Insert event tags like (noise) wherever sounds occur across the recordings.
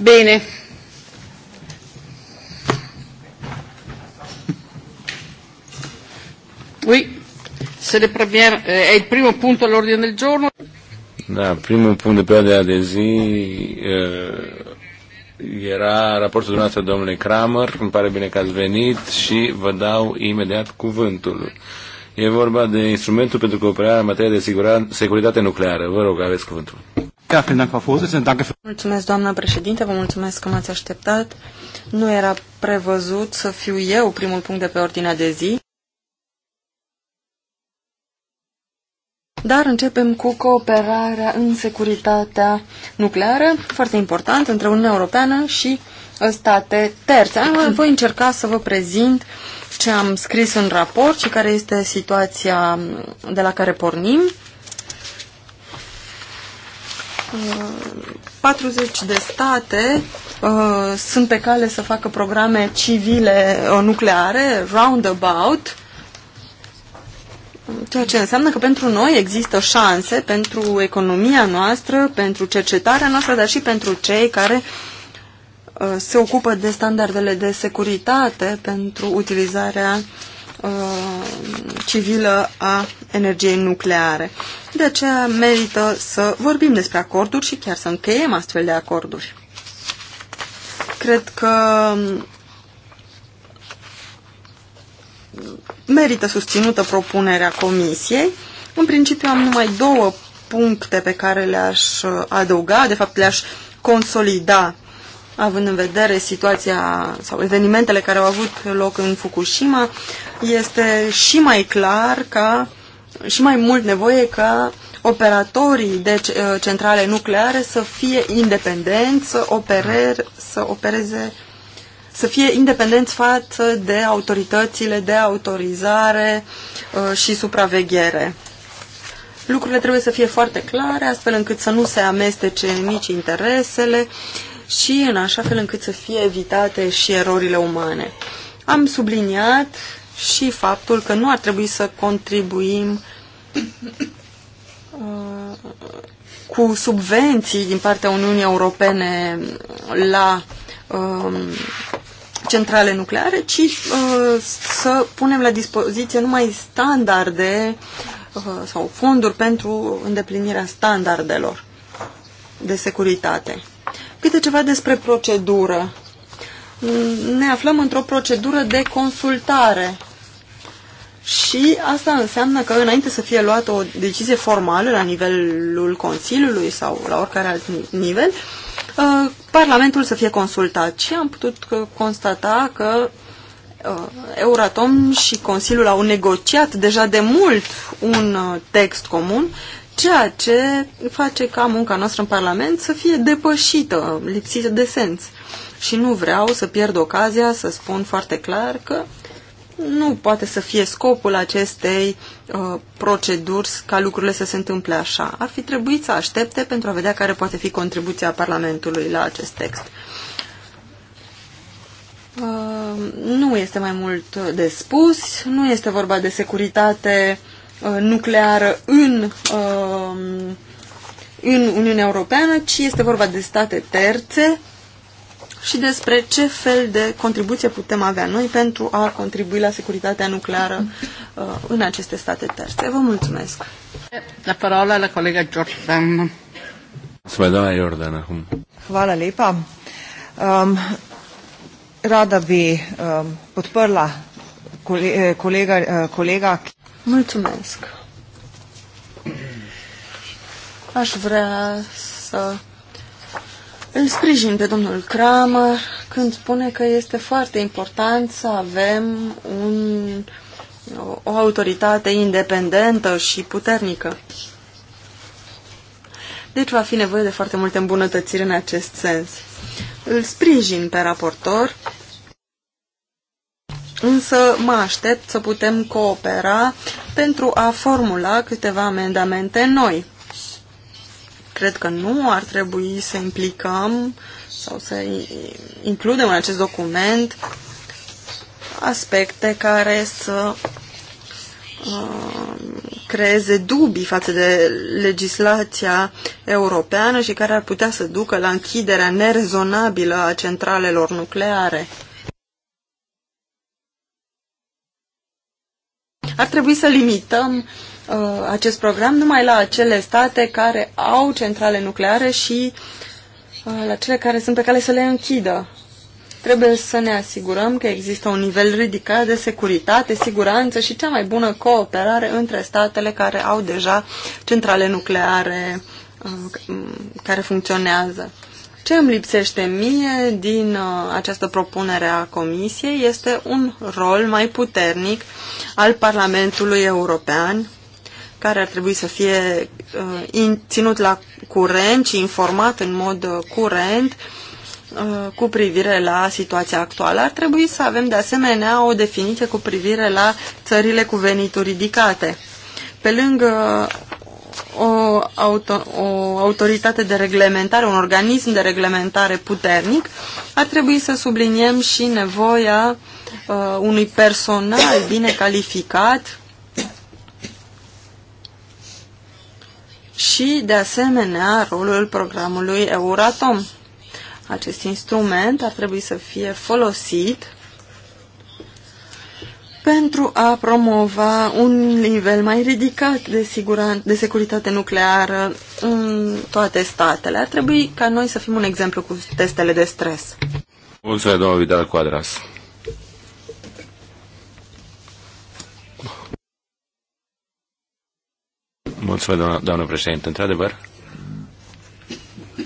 Bene. Oui, se le premier, eh, è il primo punto all'ordine del giorno. Da, primul punct de pe de de zi eh, era raportul dumneavoastră domnule Kramer, îmi pare bine că ați venit și vă dau imediat cuvântul. E vorba de instrumentul pentru cooperarea în materie de securitate nucleară. Vă rog, aveți cuvântul. Mulțumesc, doamnă președinte, vă mulțumesc că m-ați așteptat. Nu era prevăzut să fiu eu primul punct de pe ordinea de zi. Dar începem cu cooperarea în securitatea nucleară, foarte important, între Uniunea Europeană și uh, state terțe. Uh, voi încerca să vă prezint ce am scris în raport și care este situația um, de la care pornim. 40 de state uh, sunt pe cale să facă programe civile uh, nucleare, roundabout, ceea ce înseamnă că pentru noi există șanse pentru economia noastră, pentru cercetarea noastră, dar și pentru cei care uh, se ocupă de standardele de securitate pentru utilizarea uh, civilă a energiei nucleare. De aceea merită să vorbim despre acorduri și chiar să încheiem astfel de acorduri. Cred că merită susținută propunerea Comisiei. În principiu am numai două puncte pe care le-aș adăuga, de fapt le-aș consolida având în vedere situația sau evenimentele care au avut loc în Fukushima, este și mai clar ca și mai mult nevoie ca operatorii de uh, centrale nucleare să fie independenți, să, operer, să opereze, să fie independenți față de autoritățile de autorizare uh, și supraveghere. Lucrurile trebuie să fie foarte clare, astfel încât să nu se amestece nici interesele și în așa fel încât să fie evitate și erorile umane. Am subliniat și faptul că nu ar trebui să contribuim uh, cu subvenții din partea Uniunii Europene la um, centrale nucleare, ci uh, să punem la dispoziție numai standarde uh, sau fonduri pentru îndeplinirea standardelor de securitate. Câte ceva despre procedură. Ne aflăm într-o procedură de consultare și asta înseamnă că înainte să fie luată o decizie formală la nivelul Consiliului sau la oricare alt nivel, uh, Parlamentul să fie consultat. Și am putut constata că uh, Euratom și Consiliul au negociat deja de mult un uh, text comun, ceea ce face ca munca noastră în Parlament să fie depășită, lipsită de sens. Și nu vreau să pierd ocazia să spun foarte clar că nu poate să fie scopul acestei uh, proceduri ca lucrurile să se întâmple așa. Ar fi trebuit să aștepte pentru a vedea care poate fi contribuția Parlamentului la acest text. Uh, nu este mai mult de spus, nu este vorba de securitate uh, nucleară în, uh, în Uniunea Europeană, ci este vorba de state terțe și despre ce fel de contribuție putem avea noi pentru a contribui la securitatea nucleară uh, în aceste state terțe. Vă mulțumesc. La parola la colega Jordan. Mulțumesc, doamna Jordan, acum. Hvala lepa. Um, rada bi um, podprla eh, kolega, eh, kolega. Mulțumesc. Aș vrea să îl sprijin pe domnul Kramer când spune că este foarte important să avem un, o, o autoritate independentă și puternică. Deci va fi nevoie de foarte multe îmbunătățiri în acest sens. Îl sprijin pe raportor, însă mă aștept să putem coopera pentru a formula câteva amendamente noi. Cred că nu ar trebui să implicăm sau să includem în acest document aspecte care să uh, creeze dubii față de legislația europeană și care ar putea să ducă la închiderea nerezonabilă a centralelor nucleare. Ar trebui să limităm Uh, acest program numai la acele state care au centrale nucleare și uh, la cele care sunt pe cale să le închidă. Trebuie să ne asigurăm că există un nivel ridicat de securitate, siguranță și cea mai bună cooperare între statele care au deja centrale nucleare uh, care funcționează. Ce îmi lipsește mie din uh, această propunere a Comisiei este un rol mai puternic al Parlamentului European care ar trebui să fie uh, in, ținut la curent și informat în mod uh, curent uh, cu privire la situația actuală. Ar trebui să avem de asemenea o definiție cu privire la țările cu venituri ridicate. Pe lângă uh, o, auto, o autoritate de reglementare, un organism de reglementare puternic, ar trebui să subliniem și nevoia uh, unui personal bine calificat și, de asemenea, rolul programului Euratom. Acest instrument ar trebui să fie folosit pentru a promova un nivel mai ridicat de, siguran- de securitate nucleară în toate statele. Ar trebui ca noi să fim un exemplu cu testele de stres. Mulțumesc, domnul Vidal Cuadras. Mulțumesc, doamnă, doamnă președinte. Într-adevăr,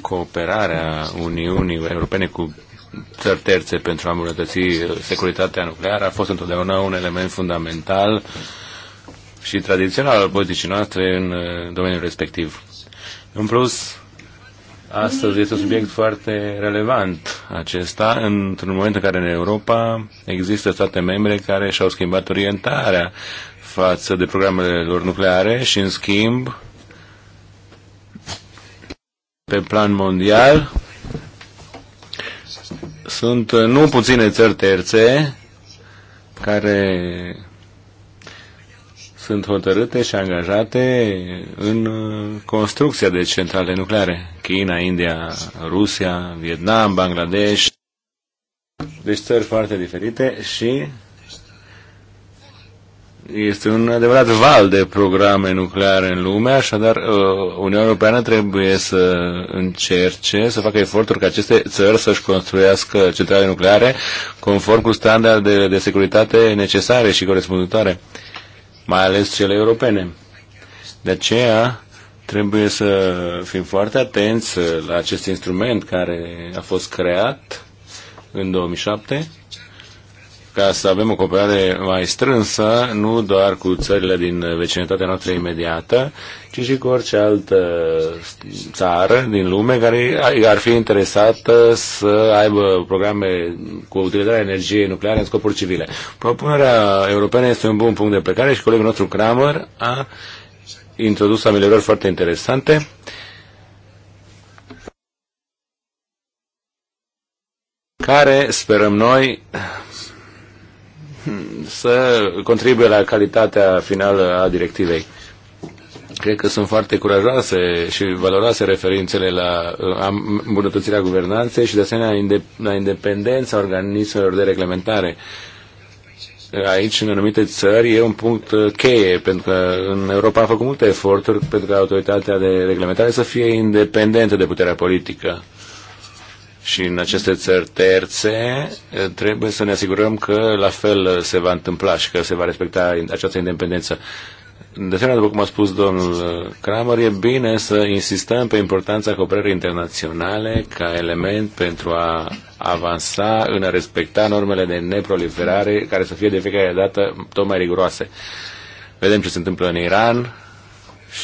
cooperarea Uniunii Europene cu țări terțe pentru a îmbunătăți securitatea nucleară a fost întotdeauna un element fundamental și tradițional al politicii noastre în uh, domeniul respectiv. În plus, astăzi este un subiect foarte relevant acesta, într-un moment în care în Europa există state membre care și-au schimbat orientarea față de programele lor nucleare și, în schimb, pe plan mondial, sunt nu puține țări terțe care sunt hotărâte și angajate în construcția de centrale nucleare. China, India, Rusia, Vietnam, Bangladesh. Deci țări foarte diferite și este un adevărat val de programe nucleare în lume, așadar uh, Uniunea Europeană trebuie să încerce să facă eforturi ca aceste țări să-și construiască centrale nucleare conform cu standardele de securitate necesare și corespunzătoare, mai ales cele europene. De aceea trebuie să fim foarte atenți la acest instrument care a fost creat în 2007 ca să avem o cooperare mai strânsă, nu doar cu țările din vecinătatea noastră imediată, ci și cu orice altă țară din lume care ar fi interesată să aibă programe cu utilizarea energiei nucleare în scopuri civile. Propunerea europeană este un bun punct de plecare și colegul nostru Kramer a introdus ameliorări foarte interesante. care, sperăm noi, să contribuie la calitatea finală a directivei. Cred că sunt foarte curajoase și valoroase referințele la uh, îmbunătățirea guvernanței și de asemenea la independența organismelor de reglementare. Aici, în anumite țări, e un punct uh, cheie, pentru că în Europa a făcut multe eforturi pentru ca autoritatea de reglementare să fie independentă de puterea politică și în aceste țări terțe eh, trebuie să ne asigurăm că la fel eh, se va întâmpla și că se va respecta această independență. De asemenea, după cum a spus domnul eh, Kramer, e bine să insistăm pe importanța cooperării internaționale ca element pentru a avansa în a respecta normele de neproliferare care să fie de fiecare dată tot mai riguroase. Vedem ce se întâmplă în Iran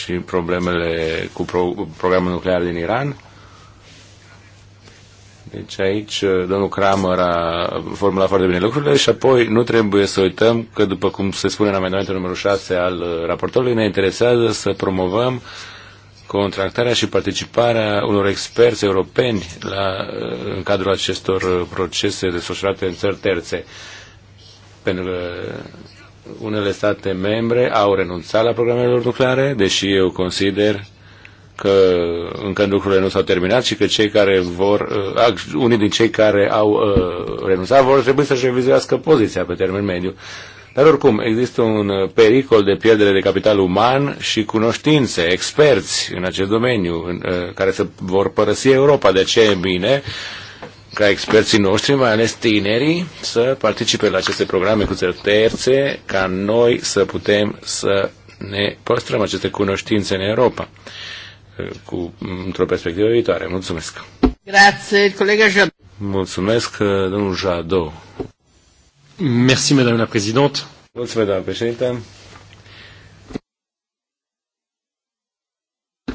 și problemele cu pro- programul nuclear din Iran deci aici uh, domnul Kramer a formulat foarte bine lucrurile și apoi nu trebuie să uităm că, după cum se spune în amendamentul numărul 6 al uh, raportorului, ne interesează să promovăm contractarea și participarea unor experți europeni la, uh, în cadrul acestor procese desfășurate în țări terțe. Pentru că unele state membre au renunțat la programele nucleare, deși eu consider că încă lucrurile nu s-au terminat și că cei care vor, uh, unii din cei care au uh, renunțat vor trebui să-și revizuiască poziția pe termen mediu. Dar oricum, există un uh, pericol de pierdere de capital uman și cunoștințe, experți în acest domeniu, în, care se vor părăsi Europa. De ce e bine ca experții noștri, mai ales tinerii, să participe la aceste programe cu țări terțe, ca noi să putem să ne păstrăm aceste cunoștințe în Europa cu, într-o perspectivă viitoare. Mulțumesc! Grazie, colega Jadot. Mulțumesc, uh, domnul Jadot. Merci, madame la présidente. Mulțumesc, doamna președinte.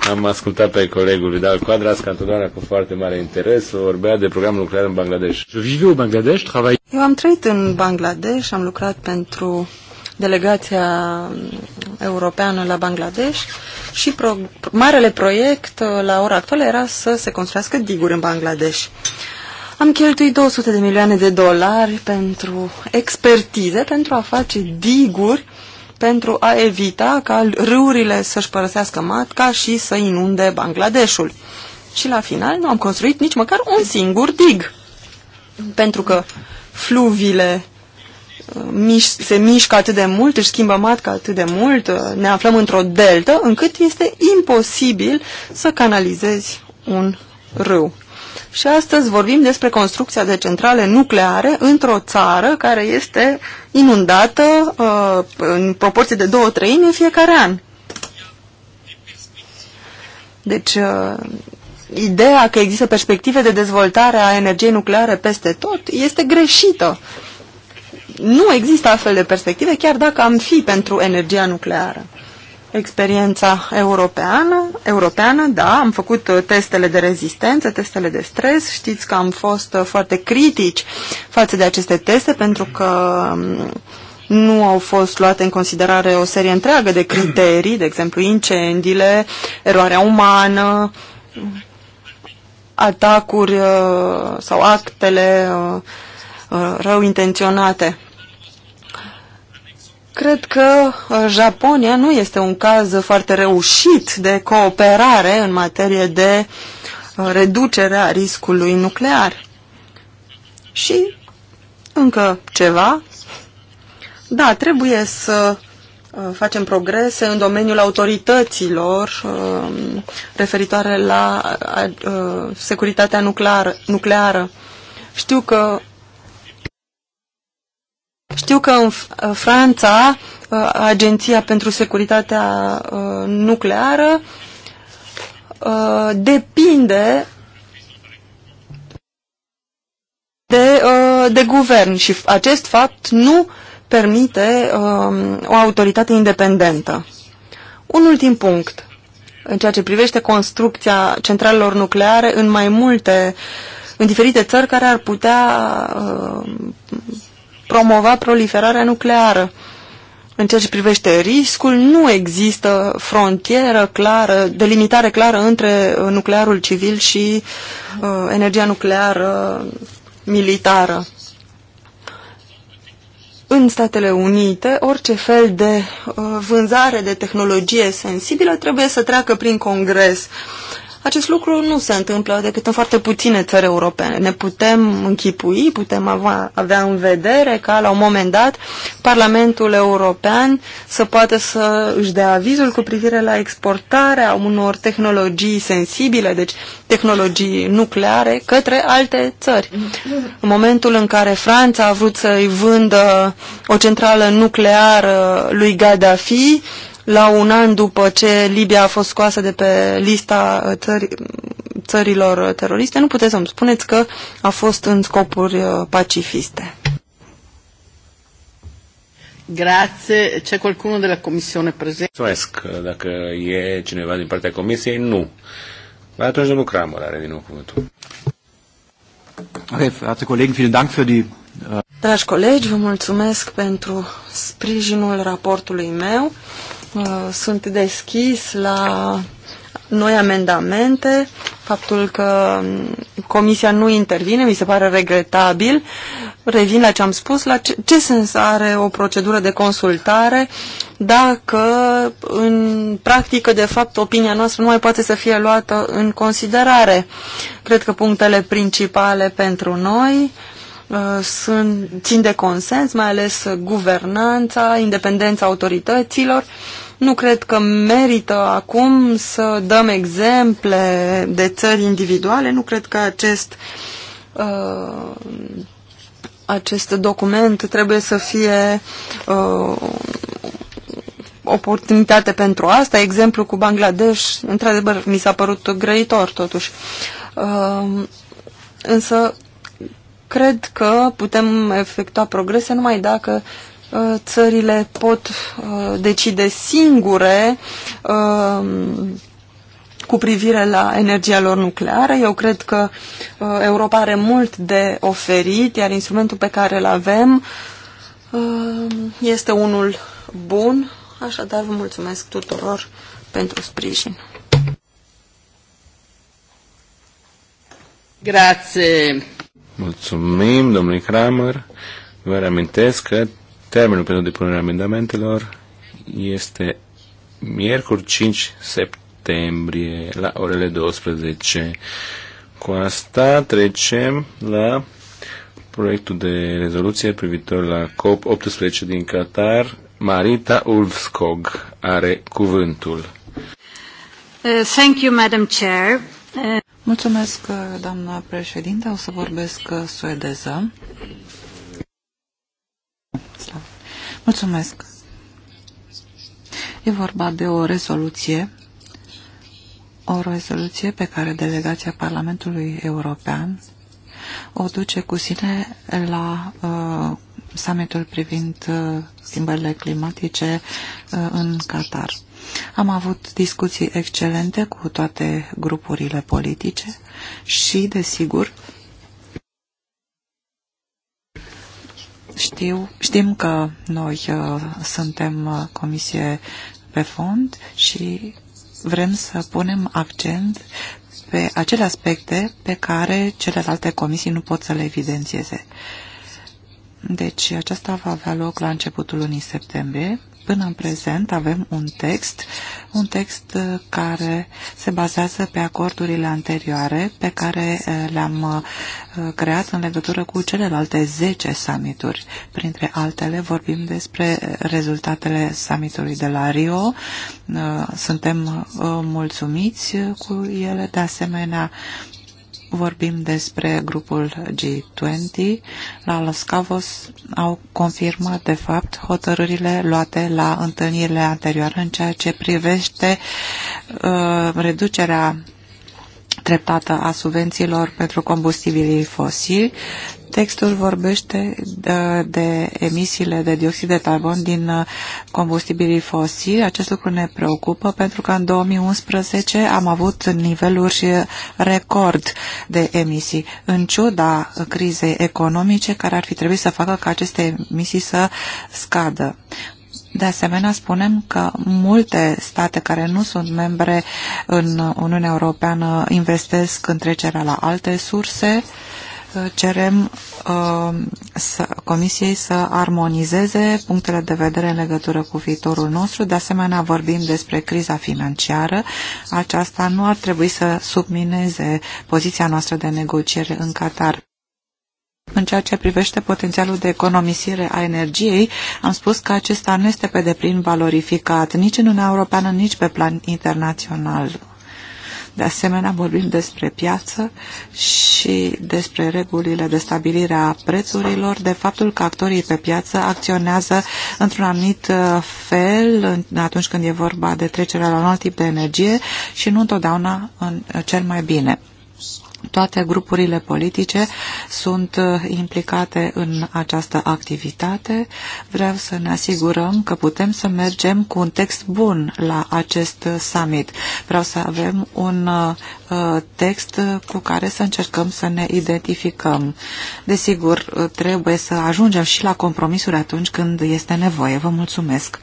Am ascultat pe colegul Vidal Quadras, ca întotdeauna cu foarte mare interes, vorbea de programul nuclear în Bangladesh. Eu Bangladesh, travai... Eu am trăit în Bangladesh, am lucrat pentru delegația europeană la Bangladesh și pro, marele proiect uh, la ora actuală era să se construiască diguri în Bangladesh. Am cheltuit 200 de milioane de dolari pentru expertize, pentru a face diguri, pentru a evita ca râurile să-și părăsească matca și să inunde Bangladeshul. Și la final nu am construit nici măcar un singur dig. Pentru că fluvile miș se mișcă atât de mult, își schimbă matca atât de mult, ne aflăm într-o deltă, încât este imposibil să canalizezi un râu. Și astăzi vorbim despre construcția de centrale nucleare într-o țară care este inundată uh, în proporție de două treimi în fiecare an. Deci, uh, ideea că există perspective de dezvoltare a energiei nucleare peste tot este greșită. Uh, nu există astfel de perspective, chiar dacă am fi pentru energia nucleară. Experiența europeană, europeană, da, am făcut uh, testele de rezistență, testele de stres, știți că am fost uh, foarte critici față de aceste teste pentru că um, nu au fost luate în considerare o serie întreagă de criterii, de exemplu incendiile, eroarea umană, atacuri uh, sau actele rău intenționate. Cred că uh, Japonia nu este un caz foarte reușit de cooperare în materie de uh, reducere a riscului nuclear. Și încă ceva. Da, trebuie să uh, facem progrese în domeniul autorităților um, referitoare la securitatea nucleară. nucleară. Știu că știu că în Franța, uh, Agenția pentru Securitatea uh, Nucleară uh, depinde de, de guvern și acest fapt nu permite um, o autoritate independentă. Un ultim punct în ceea ce privește construcția centralelor nucleare în mai multe, în diferite țări care ar putea promova proliferarea nucleară. În ceea ce privește riscul, nu există frontieră clară, delimitare clară între uh, nuclearul civil și uh, energia nucleară militară. În Statele Unite, orice fel de uh, vânzare de tehnologie sensibilă trebuie să treacă prin Congres. Acest lucru nu se întâmplă decât în foarte puține țări europene. Ne putem închipui, putem avea în vedere ca la un moment dat Parlamentul European să poată să își dea avizul cu privire la exportarea unor tehnologii sensibile, deci tehnologii nucleare, către alte țări. În momentul în care Franța a vrut să-i vândă o centrală nucleară lui Gaddafi, la un an după ce Libia a fost scoasă de pe lista uh, țări, țărilor uh, teroriste, nu puteți să-mi spuneți că a fost în scopuri uh, pacifiste. Grazie. C'è qualcuno della Commissione presente? Mulțumesc. Dacă e cineva din partea Comisiei, nu. Dar atunci domnul Cramă are din nou cuvântul. Okay, colegi, vielen Dank für die... Dragi colegi, vă mulțumesc pentru sprijinul raportului meu. Uh, sunt deschis la noi amendamente. Faptul că um, comisia nu intervine mi se pare regretabil. Revin la ce am spus, la ce, ce sens are o procedură de consultare dacă în practică, de fapt, opinia noastră nu mai poate să fie luată în considerare. Cred că punctele principale pentru noi uh, sunt, țin de consens, mai ales guvernanța, independența autorităților nu cred că merită acum să dăm exemple de țări individuale. Nu cred că acest, uh, acest document trebuie să fie uh, oportunitate pentru asta. Exemplu cu Bangladesh, într-adevăr, mi s-a părut grăitor totuși. Uh, însă cred că putem efectua progrese numai dacă Uh, țările pot uh, decide singure uh, cu privire la energia lor nucleară. Eu cred că Europa are mult de oferit, iar instrumentul pe care îl avem este unul bun. Așadar, vă mulțumesc tuturor pentru sprijin. Grazie. Mulțumim, domnule Kramer. Vă reamintesc că Termenul pentru depunerea amendamentelor este miercuri 5 septembrie la orele 12. Cu asta trecem la proiectul de rezoluție privitor la COP18 din Qatar. Marita Ulfskog are cuvântul. Uh, thank you, Madam Chair. Uh... Mulțumesc, doamna președinte. O să vorbesc suedeză. Mulțumesc. E vorba de o rezoluție, o rezoluție pe care delegația Parlamentului European o duce cu sine la uh, summitul privind uh, schimbările climatice uh, în Qatar. Am avut discuții excelente cu toate grupurile politice și, desigur, uh, Știu, știm că noi uh, suntem uh, comisie pe fond și vrem să punem accent pe acele aspecte pe care celelalte comisii nu pot să le evidențieze. Deci aceasta va avea loc la începutul lunii septembrie Până în prezent avem un text, un text uh, care se bazează pe acordurile anterioare pe care uh, le-am uh, creat în legătură cu celelalte 10 summituri. Printre altele vorbim despre rezultatele summitului de la Rio. Suntem mulțumiți cu ele, de asemenea vorbim despre grupul G20. La Los Cavos au confirmat, de fapt, hotărârile luate la întâlnirile anterioare în ceea ce privește uh, reducerea treptată a subvențiilor pentru combustibilii fosili. Textul vorbește de, de emisiile de dioxid de carbon din uh, combustibilii fosili. Acest lucru ne preocupă pentru că în 2011 am avut niveluri uh, record de emisii, în ciuda crizei economice care ar fi trebuit să facă ca aceste emisii să scadă. De asemenea, spunem că multe state care nu sunt membre în Uniunea Europeană investesc în trecerea la alte surse. Cerem uh, să, Comisiei să armonizeze punctele de vedere în legătură cu viitorul nostru. De asemenea, vorbim despre criza financiară. Aceasta nu ar trebui să submineze poziția noastră de negociere în Qatar în ceea ce privește potențialul de economisire a energiei, am spus că acesta nu este pe deplin valorificat nici în Uniunea Europeană, nici pe plan internațional. De asemenea, vorbim despre piață și despre regulile de stabilire a prețurilor, de faptul că actorii pe piață acționează într-un anumit uh, fel atunci când e vorba de trecerea la un alt tip de energie și nu întotdeauna în uh, cel mai bine toate grupurile politice sunt uh, implicate în această activitate. Vreau să ne asigurăm că putem să mergem cu un text bun la acest uh, summit. Vreau să avem un uh, text cu care să încercăm să ne identificăm. Desigur, trebuie să ajungem și la compromisuri atunci când este nevoie. Vă mulțumesc.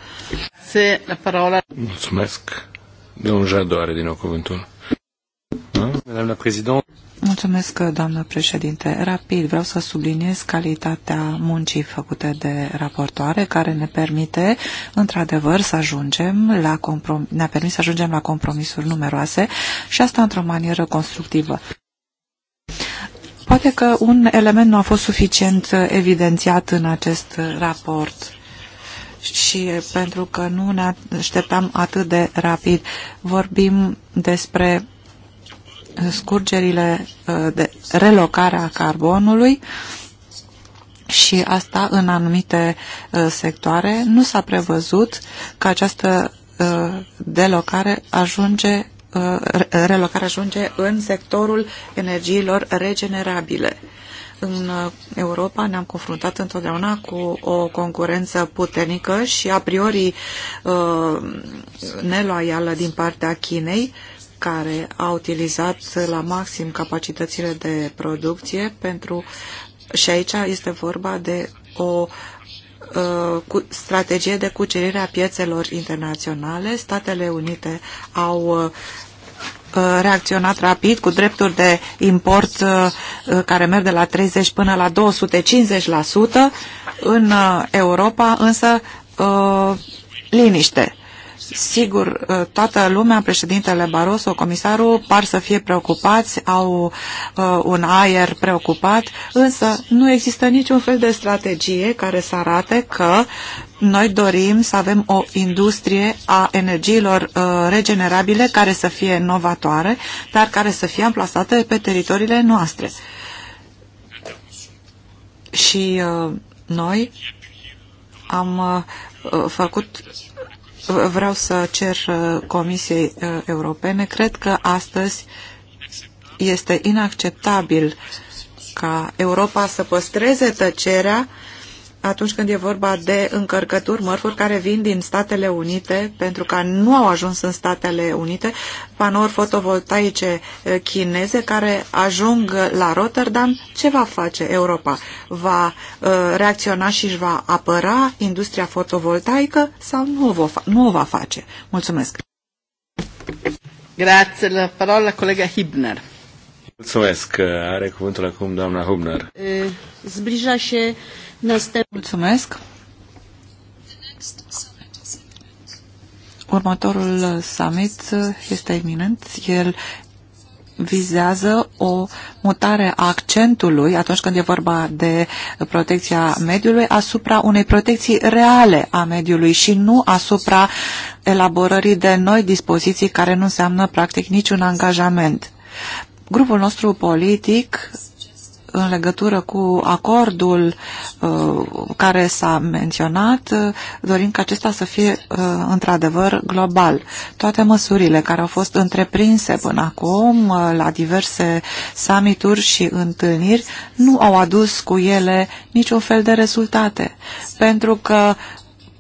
Se la parola. Mulțumesc. Domnul Jado are din nou cuvântul. Madame la Présidente. Mulțumesc, doamnă președinte. Rapid, vreau să subliniez calitatea muncii făcute de raportoare, care ne permite, într-adevăr, să ajungem la comprom- ne-a permis să ajungem la compromisuri numeroase și asta într-o manieră constructivă. Poate că un element nu a fost suficient evidențiat în acest raport și pentru că nu ne așteptam atât de rapid. Vorbim despre scurgerile uh, de relocare a carbonului și asta în anumite uh, sectoare. Nu s-a prevăzut că această uh, delocare ajunge relocare ajunge în sectorul energiilor regenerabile. În Europa ne-am confruntat întotdeauna cu o concurență puternică și a priori neloială din partea Chinei care a utilizat la maxim capacitățile de producție pentru și aici este vorba de o uh, cu strategie de cucerire a piețelor internaționale. Statele Unite au uh, reacționat rapid cu drepturi de import uh, care merg de la 30 până la 250% în Europa, însă liniște. Sigur, ă, toată lumea, președintele Barroso, comisarul, par să fie preocupați, au uh, un aer preocupat, însă nu există niciun fel de strategie care să arate că noi dorim să avem o industrie a energiilor uh, regenerabile care să fie novatoare, dar care să fie amplasate pe teritoriile noastre. Și uh, noi am uh, făcut vreau să cer uh, Comisiei uh, Europene. Cred că astăzi este inacceptabil ca Europa să păstreze tăcerea atunci când e vorba de încărcături, mărfuri care vin din Statele Unite, pentru că nu au ajuns în Statele Unite, panouri fotovoltaice eh, chineze care ajung la Rotterdam, ce va face Europa? Va eh, reacționa și își va apăra industria fotovoltaică sau nu o, va, nu o va face? Mulțumesc! Grazie, la parola colega Hibner. Mulțumesc. Eh, are cuvântul acum doamna Hubner. Zbrija și Mulțumesc. Următorul summit este iminent. El vizează o mutare a accentului atunci când e vorba de protecția mediului asupra unei protecții reale a mediului și nu asupra elaborării de noi dispoziții care nu înseamnă practic niciun angajament. Grupul nostru politic în legătură cu acordul uh, care s-a menționat, uh, dorim ca acesta să fie uh, într-adevăr global. Toate măsurile care au fost întreprinse până acum la diverse summituri și întâlniri nu au adus cu ele niciun fel de rezultate, pentru că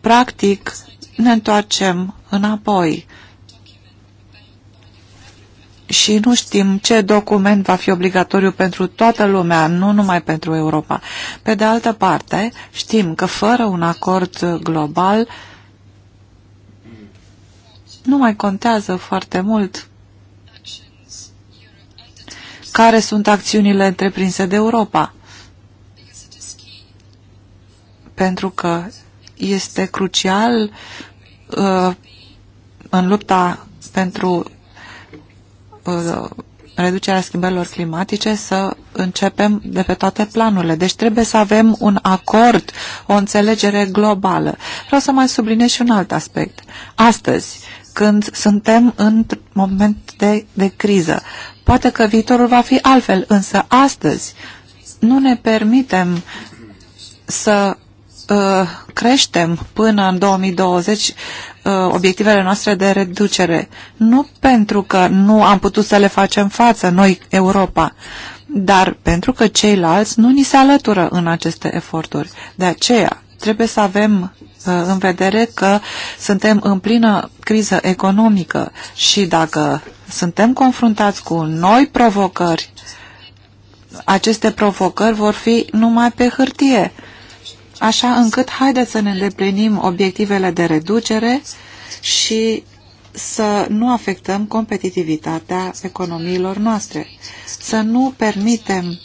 practic ne întoarcem înapoi și nu știm ce document va fi obligatoriu pentru toată lumea, nu numai pentru Europa. Pe de altă parte, știm că fără un acord global nu mai contează foarte mult care sunt acțiunile întreprinse de Europa. Pentru că este crucial uh, în lupta pentru Uh, reducerea schimbărilor climatice să începem de pe toate planurile. Deci trebuie să avem un acord, o înțelegere globală. Vreau să mai subliniez și un alt aspect. Astăzi, când suntem în moment de, de criză, poate că viitorul va fi altfel, însă astăzi nu ne permitem să Uh, creștem până în 2020 uh, obiectivele noastre de reducere. Nu pentru că nu am putut să le facem față noi, Europa, dar pentru că ceilalți nu ni se alătură în aceste eforturi. De aceea trebuie să avem uh, în vedere că suntem în plină criză economică și dacă suntem confruntați cu noi provocări, aceste provocări vor fi numai pe hârtie așa încât haideți să ne îndeplinim obiectivele de reducere și să nu afectăm competitivitatea economiilor noastre, să nu permitem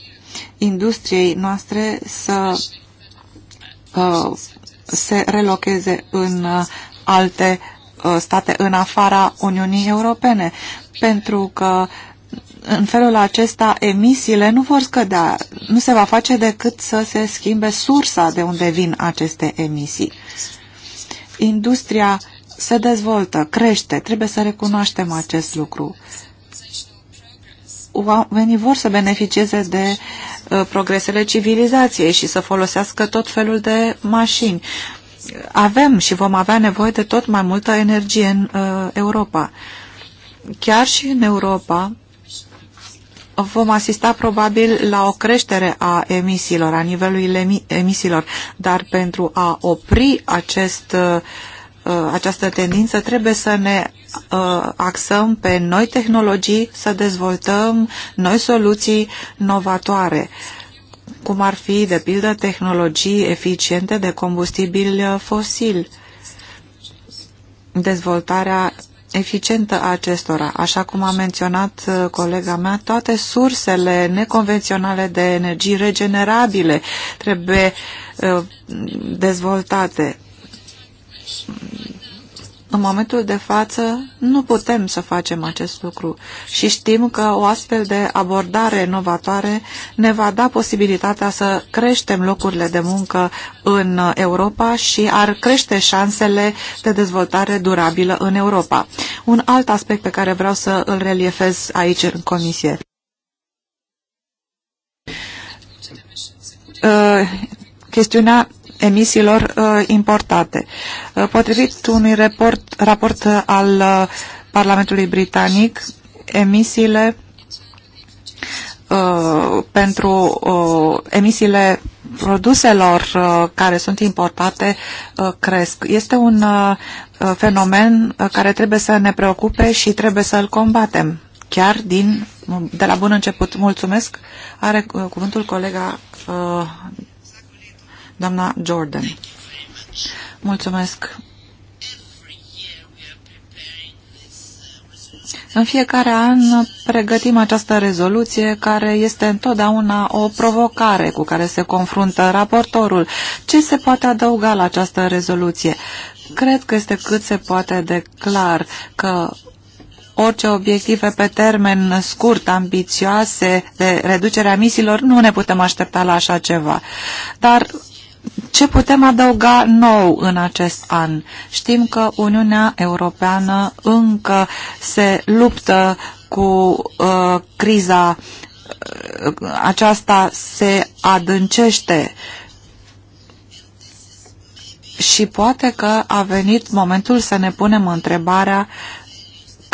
industriei noastre să uh, se relocheze în uh, alte uh, state în afara Uniunii Europene, pentru că în felul acesta emisiile nu vor scădea, nu se va face decât să se schimbe sursa de unde vin aceste emisii. Industria se dezvoltă, crește, trebuie să recunoaștem acest lucru. Oamenii vor să beneficieze de uh, progresele civilizației și să folosească tot felul de mașini. Avem și vom avea nevoie de tot mai multă energie în uh, Europa. Chiar și în Europa, vom asista probabil la o creștere a emisiilor, a nivelului emisiilor, dar pentru a opri acest, uh, uh, această tendință trebuie să ne uh, axăm pe noi tehnologii, să dezvoltăm noi soluții novatoare cum ar fi, de pildă, tehnologii eficiente de combustibil fosil, dezvoltarea eficientă a acestora. Așa cum a menționat uh, colega mea, toate sursele neconvenționale de energii regenerabile trebuie uh, dezvoltate în momentul de față nu putem să facem acest lucru și știm că o astfel de abordare inovatoare ne va da posibilitatea să creștem locurile de muncă în Europa și ar crește șansele de dezvoltare durabilă în Europa. Un alt aspect pe care vreau să îl reliefez aici în comisie. Uh, chestiunea emisiilor uh, importate. Uh, potrivit unui report, raport uh, al Parlamentului Britanic, emisiile pentru emisiile produselor care sunt importate cresc. Este un fenomen care trebuie să ne preocupe și trebuie să îl combatem. Chiar din, de la bun început, mulțumesc, are cuvântul colega Doamna Jordan. Mulțumesc. În fiecare an pregătim această rezoluție care este întotdeauna o provocare cu care se confruntă raportorul. Ce se poate adăuga la această rezoluție? Cred că este cât se poate de clar că orice obiective pe termen scurt, ambițioase, de reducerea misiilor nu ne putem aștepta la așa ceva. Dar ce putem adăuga nou în acest an? Știm că Uniunea Europeană încă se luptă cu uh, criza, uh, aceasta se adâncește și poate că a venit momentul să ne punem întrebarea uh,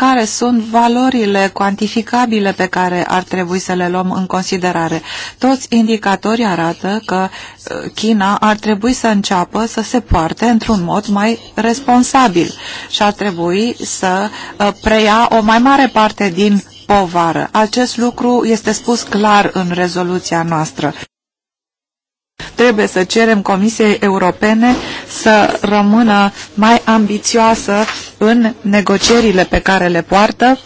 care sunt valorile cuantificabile pe care ar trebui să le luăm în considerare. Toți indicatorii arată că uh, China ar trebui să înceapă să se poarte într-un mod mai responsabil și ar trebui să uh, preia o mai mare parte din povară. Acest lucru este spus clar în rezoluția noastră trebuie să cerem Comisiei Europene să rămână mai ambițioasă în negocierile pe care le poartă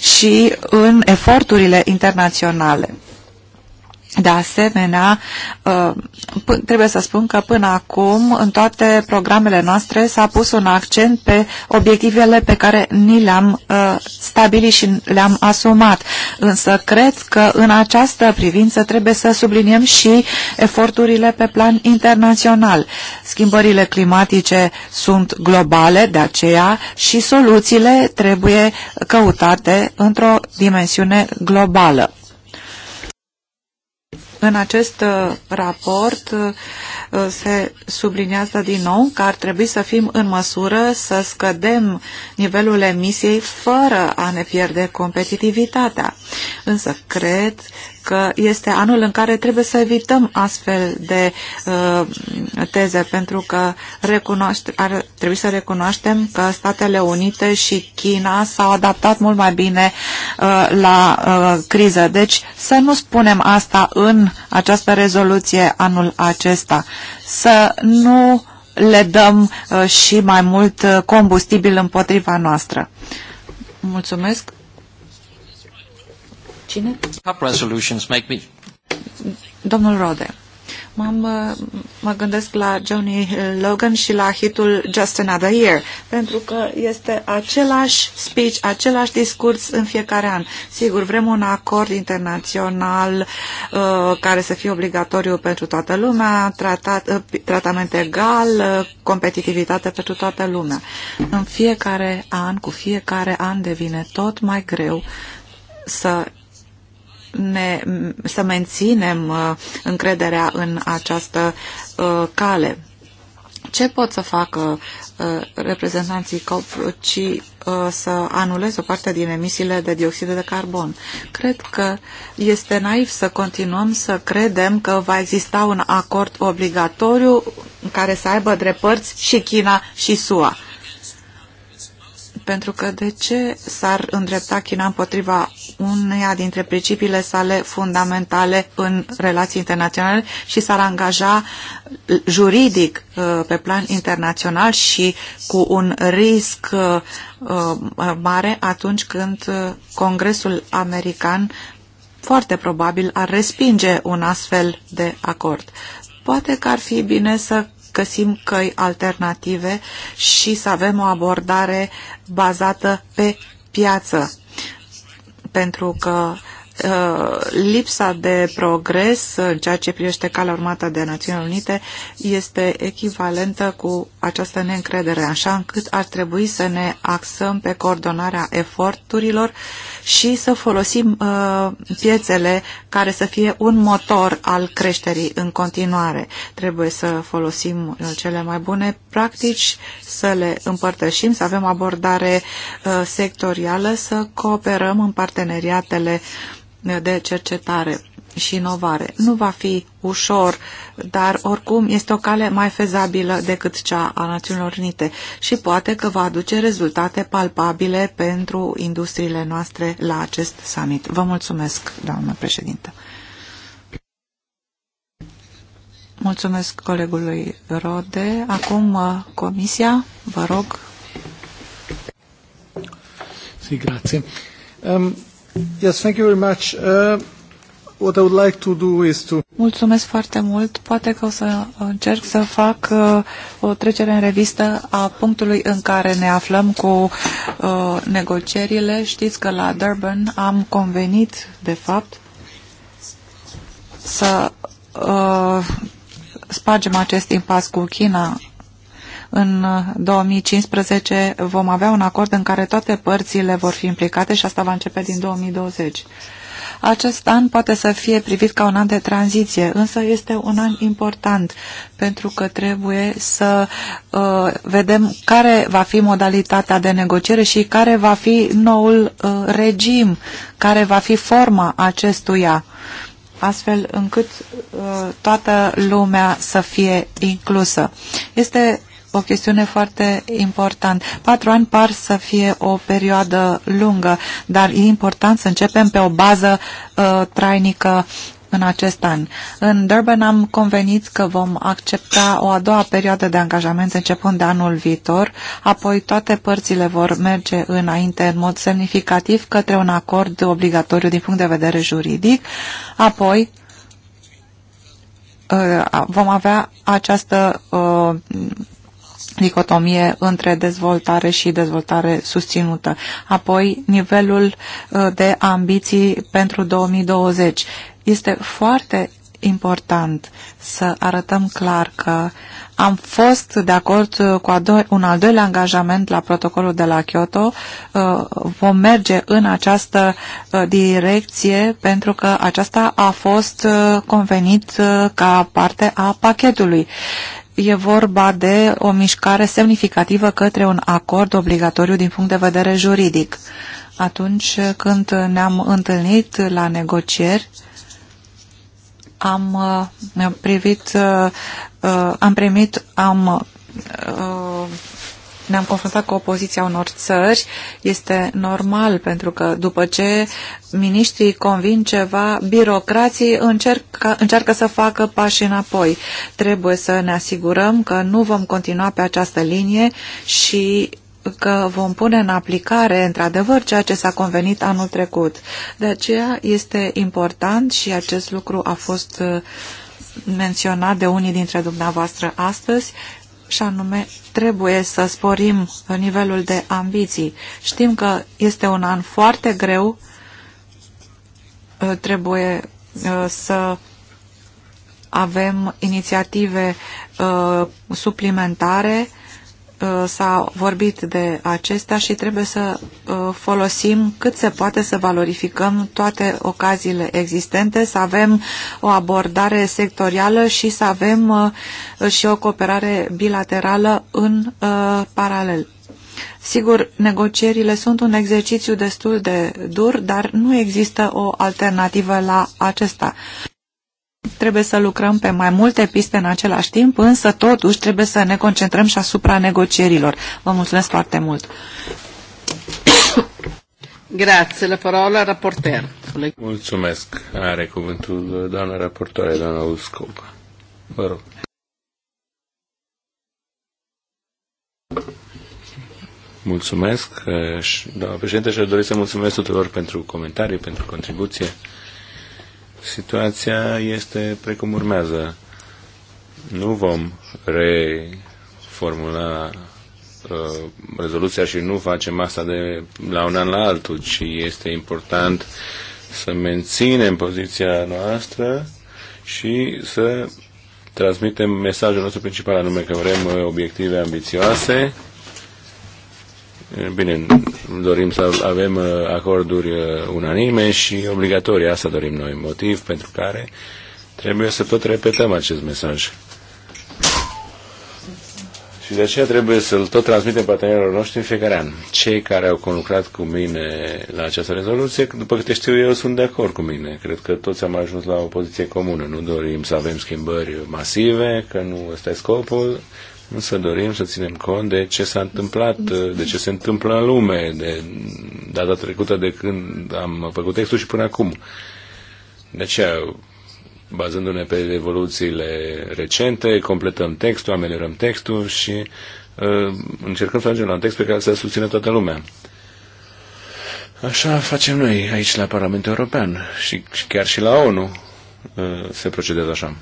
și în eforturile internaționale. De asemenea, uh, trebuie să spun că până acum în toate programele noastre s-a pus un accent pe obiectivele pe care ni le-am uh, stabilit și le-am asumat. Însă cred că în această privință trebuie să subliniem și eforturile pe plan internațional. Schimbările climatice sunt globale, de aceea și soluțiile trebuie căutate într-o dimensiune globală. În acest uh, raport uh, se subliniază din nou că ar trebui să fim în măsură să scădem nivelul emisiei fără a ne pierde competitivitatea. Însă cred că este anul în care trebuie să evităm astfel de uh, teze, pentru că ar trebui să recunoaștem că Statele Unite și China s-au adaptat mult mai bine uh, la uh, criză. Deci să nu spunem asta în această rezoluție anul acesta. Să nu le dăm uh, și mai mult uh, combustibil împotriva noastră. Mulțumesc. Cine? Resolutions make me... Domnul Rode. M-am, uh, mă gândesc la Johnny Logan și la hitul Just Another Year, pentru că este același speech, același discurs în fiecare an. Sigur, vrem un acord internațional uh, care să fie obligatoriu pentru toată lumea, tratat, uh, tratament egal, uh, competitivitate pentru toată lumea. În fiecare an, cu fiecare an devine tot mai greu să ne, să menținem uh, încrederea în această uh, cale. Ce pot să facă uh, reprezentanții COP, ci să anuleze o parte din emisiile de dioxid de carbon. Cred că este naiv să continuăm să credem că va exista un acord obligatoriu care să aibă drept părți și China și SUA pentru că de ce s-ar îndrepta China împotriva uneia dintre principiile sale fundamentale în relații internaționale și s-ar angaja juridic uh, pe plan internațional și cu un risc uh, uh, mare atunci când Congresul American foarte probabil ar respinge un astfel de acord. Poate că ar fi bine să găsim căi alternative și să avem o abordare bazată pe piață. Pentru că Uh, lipsa de progres uh, în ceea ce privește calea urmată de Națiunile Unite este echivalentă cu această neîncredere, așa încât ar trebui să ne axăm pe coordonarea eforturilor și să folosim uh, piețele care să fie un motor al creșterii în continuare. Trebuie să folosim uh, cele mai bune practici, să le împărtășim, să avem abordare uh, sectorială, să cooperăm în parteneriatele de cercetare și inovare. Nu va fi ușor, dar oricum este o cale mai fezabilă decât cea a Națiunilor Unite și poate că va aduce rezultate palpabile pentru industriile noastre la acest summit. Vă mulțumesc, doamnă președintă. Mulțumesc colegului Rode. Acum uh, comisia, vă rog. Sì, sí, grazie. Um... Yes, thank you very much. Uh, what I would like to do is to... Mulțumesc foarte mult. Poate că o să încerc să fac uh, o trecere în revistă a punctului în care ne aflăm cu uh, negocierile. Știți că la Durban am convenit, de fapt, să uh, spargem acest impas cu China în 2015 uh, vom avea un acord în care toate părțile vor fi implicate și asta va începe din 2020. Acest an poate să fie privit ca un an de tranziție, însă este un an important pentru că trebuie să uh, vedem care va fi modalitatea de negociere și care va fi noul uh, regim, care va fi forma acestuia, astfel încât uh, toată lumea să fie inclusă. Este o chestiune foarte importantă. Patru ani par să fie o perioadă lungă, dar e important să începem pe o bază uh, trainică în acest an. În Durban am convenit că vom accepta o a doua perioadă de angajament începând de anul viitor, apoi toate părțile vor merge înainte în mod semnificativ către un acord obligatoriu din punct de vedere juridic, apoi uh, vom avea această uh, dicotomie între dezvoltare și dezvoltare susținută. Apoi, nivelul uh, de ambiții pentru 2020. Este foarte important să arătăm clar că am fost de acord uh, cu un al doilea angajament la protocolul de la Kyoto. Uh, vom merge în această direcție pentru că aceasta a fost convenit ca parte a pachetului e vorba de o mișcare semnificativă către un acord obligatoriu din punct de vedere juridic. Atunci când ne-am întâlnit la negocieri, am uh, privit, uh, uh, am primit, am ne-am confruntat cu opoziția unor țări. Este normal, pentru că după ce miniștrii convin ceva, birocrații încercă, încearcă să facă pași înapoi. Trebuie să ne asigurăm că nu vom continua pe această linie și că vom pune în aplicare, într-adevăr, ceea ce s-a convenit anul trecut. De aceea este important și acest lucru a fost uh, menționat de unii dintre dumneavoastră astăzi, și anume trebuie să sporim nivelul de ambiții. Știm că este un an foarte greu, uh, trebuie uh, să avem inițiative uh, suplimentare Uh, s-a vorbit de acesta și trebuie să uh, folosim cât se poate să valorificăm toate ocaziile existente, să avem o abordare sectorială și să avem uh, și o cooperare bilaterală în paralel. Sigur, negocierile sunt un exercițiu destul de dur, dar nu există o alternativă la acesta. Trebuie să lucrăm pe mai multe piste în același timp, însă totuși trebuie să ne concentrăm și asupra negocierilor. Vă mulțumesc foarte mult! Grazie, la parola raporter. Mulțumesc. Are cuvântul doamna raportoare, doamna Uscop. Vă rog. Mulțumesc, eh, doamna președinte, și dori să mulțumesc tuturor pentru comentarii, pentru contribuție situația este precum urmează. Nu vom reformula uh, rezoluția și nu facem asta de la un an la altul, ci este important să menținem poziția noastră și să transmitem mesajul nostru principal, anume că vrem obiective ambițioase Bine, dorim să avem uh, acorduri uh, unanime și obligatorii, asta dorim noi, motiv pentru care trebuie să tot repetăm acest mesaj. Și de aceea trebuie să-l tot transmitem partenerilor noștri în fiecare an. Cei care au conlucrat cu mine la această rezoluție, după câte știu eu, sunt de acord cu mine. Cred că toți am ajuns la o poziție comună. Nu dorim să avem schimbări masive, că nu ăsta e scopul, Însă dorim să ținem cont de ce s-a întâmplat, de ce se întâmplă în lume, de data trecută de când am făcut textul și până acum. De aceea, bazându-ne pe evoluțiile recente, completăm textul, ameliorăm textul și uh, încercăm să ajungem la un text pe care să susține toată lumea. Așa facem noi aici la Parlamentul European și, și chiar și la ONU uh, se procedează așa.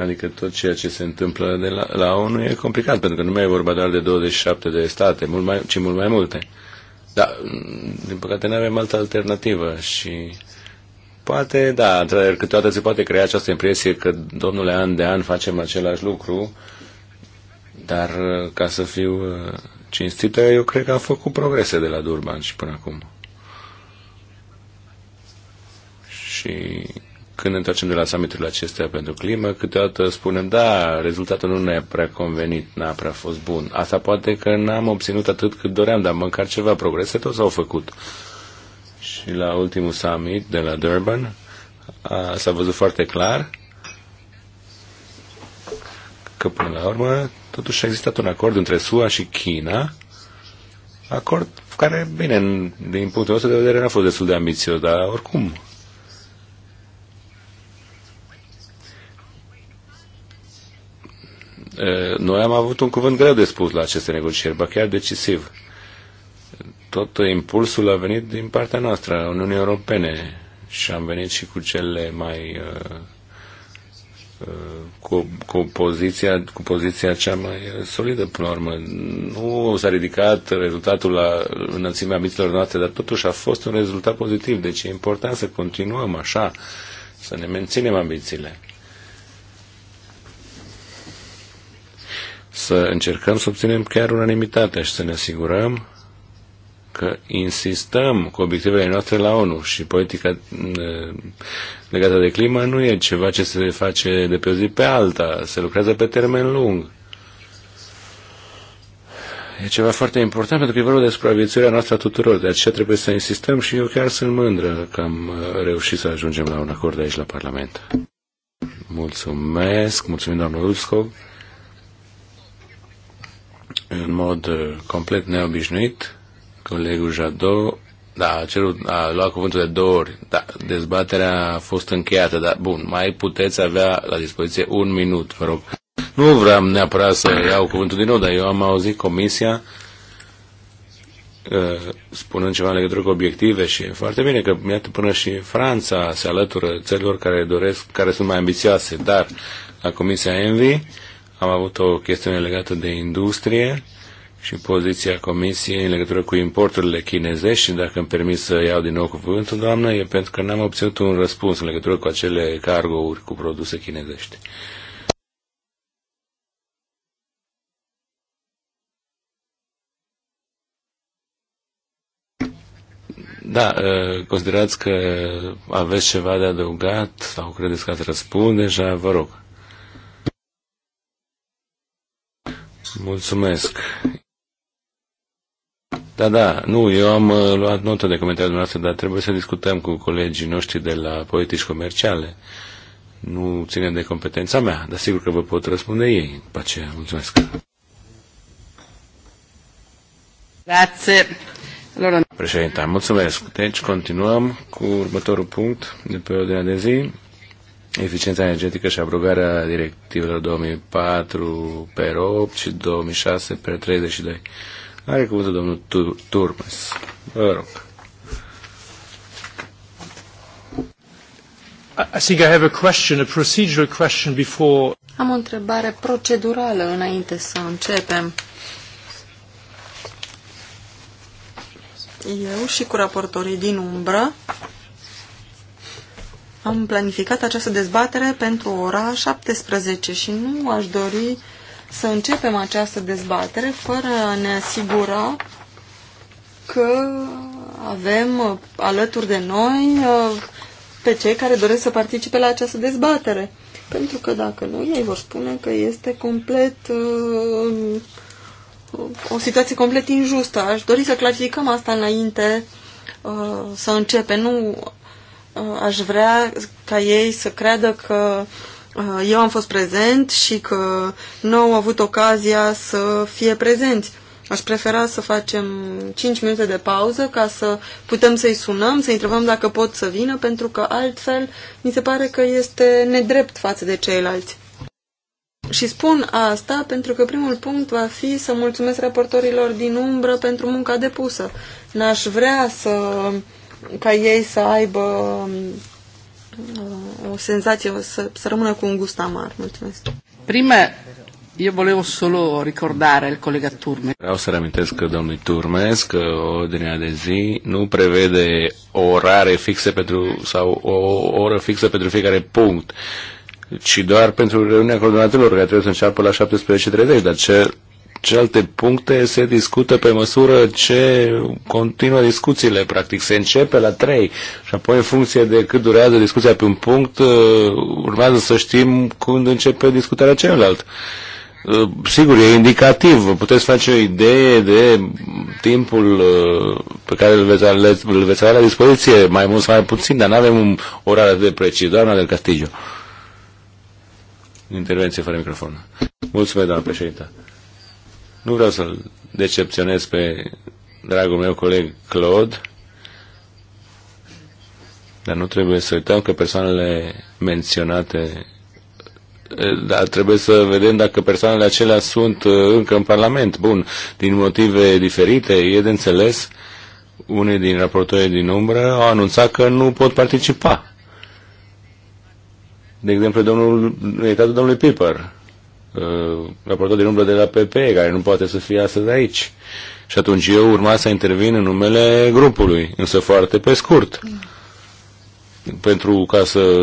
Adică tot ceea ce se întâmplă de la, la ONU e complicat, pentru că nu mai e vorba doar de 27 de state, mult mai, ci mult mai multe. Dar, din păcate, nu avem altă alternativă și poate, da, într-adevăr, câteodată se poate crea această impresie că, domnule, an de an facem același lucru, dar, ca să fiu uh, cinstită, eu cred că am făcut progrese de la Durban și până acum. Și când ne întoarcem de la summiturile acestea pentru climă, câteodată spunem, da, rezultatul nu ne-a prea convenit, n-a prea fost bun. Asta poate că n-am obținut atât cât doream, dar măcar ceva progrese tot s-au făcut. Și la ultimul summit de la Durban s-a văzut foarte clar că până la urmă totuși a existat un acord între SUA și China, acord care, bine, din punctul nostru de vedere n-a fost destul de ambițios, dar oricum Eh, noi am avut un cuvânt greu de spus la aceste negocieri, ba chiar decisiv. Tot impulsul a venit din partea noastră, a Uniunii Europene, și am venit și cu cele mai eh, eh, cu, cu, poziția, cu poziția cea mai solidă până la urmă. Nu s-a ridicat rezultatul la înălțimea miților noastre, dar totuși a fost un rezultat pozitiv. Deci e important să continuăm așa, să ne menținem ambițiile. să încercăm să obținem chiar unanimitatea și să ne asigurăm că insistăm cu obiectivele noastre la ONU și politica mm, legată de climă nu e ceva ce se face de pe o zi pe alta, se lucrează pe termen lung. E ceva foarte important pentru că e vorba de supraviețuirea noastră a tuturor, de aceea trebuie să insistăm și eu chiar sunt mândră că am uh, reușit să ajungem la un acord aici la Parlament. Mulțumesc, mulțumim doamnă Ulskog în mod uh, complet neobișnuit. Colegul Jadot da, a, cerut, a luat cuvântul de două ori. Da, dezbaterea a fost încheiată, dar bun, mai puteți avea la dispoziție un minut, vă rog. Nu vreau neapărat să iau cuvântul din nou, dar eu am auzit comisia uh, spunând ceva în legătură cu obiective și e foarte bine că iată, până și Franța se alătură țărilor care doresc, care sunt mai ambițioase, dar la Comisia Envi am avut o chestiune legată de industrie și poziția Comisiei în legătură cu importurile chinezești și dacă îmi permis să iau din nou cuvântul, doamnă, e pentru că n-am obținut un răspuns în legătură cu acele cargouri cu produse chinezești. Da, ă, considerați că aveți ceva de adăugat sau credeți că ați răspuns deja, vă rog. Mulțumesc. Da, da, nu, eu am uh, luat notă de comentariul dumneavoastră, dar trebuie să discutăm cu colegii noștri de la politici comerciale. Nu ține de competența mea, dar sigur că vă pot răspunde ei. După aceea, mulțumesc. Grazie. Președinte, mulțumesc. Deci continuăm cu următorul punct de pe ordinea de zi eficiența energetică și abrogarea directivelor 2004 per 8 și 2006 per 32. Are cuvântul domnul Turmes. Vă rog. I think I have a question, a procedural question before... Am o întrebare procedurală înainte să începem. Eu și cu raportorii din umbră am planificat această dezbatere pentru ora 17 și nu aș dori să începem această dezbatere fără a ne asigura că avem uh, alături de noi uh, pe cei care doresc să participe la această dezbatere. Pentru că dacă nu, ei vor spune că este complet uh, o situație complet injustă. Aș dori să clarificăm asta înainte să începe. Nu Uh, aș vrea ca ei să creadă că uh, eu am fost prezent și că nu au avut ocazia să fie prezenți. Aș prefera să facem 5 minute de pauză ca să putem să-i sunăm, să-i întrebăm dacă pot să vină, pentru că altfel mi se pare că este nedrept față de ceilalți. Și spun asta pentru că primul punct va fi să mulțumesc raportorilor din umbră pentru munca depusă. N-aș vrea să ca ei să aibă um, o senzație, să, să rămână cu un gust amar. Mulțumesc. Prima, eu volevo solo ricordare al colega Turme. Vreau să reamintesc că domnul Turmes că ordinea de zi nu prevede o orare fixă pentru, sau o oră fixă pentru fiecare punct ci doar pentru reuniunea coordonatorilor, care trebuie să înceapă la 17.30, dar cel celelalte puncte se discută pe măsură ce continuă discuțiile, practic. Se începe la trei și apoi în funcție de cât durează discuția pe un punct, uh, urmează să știm când începe discutarea celălalt. Uh, sigur, e indicativ, puteți face o idee de timpul uh, pe care îl veți, îl veți avea la dispoziție, mai mult sau mai puțin, dar nu avem un orar de precis, doamna del Castillo. Intervenție fără microfon. Mulțumesc, doamna președinte. Nu vreau să-l decepționez pe dragul meu coleg Claude, dar nu trebuie să uităm că persoanele menționate dar trebuie să vedem dacă persoanele acelea sunt uh, încă în Parlament. Bun, din motive diferite, e de înțeles, unii din raportorii din umbră au anunțat că nu pot participa. De exemplu, domnul, în cazul domnului Piper, Uh, raportor din umbră de la PP, care nu poate să fie astăzi aici. Și atunci eu urma să intervin în numele grupului, însă foarte pe scurt. Pentru ca să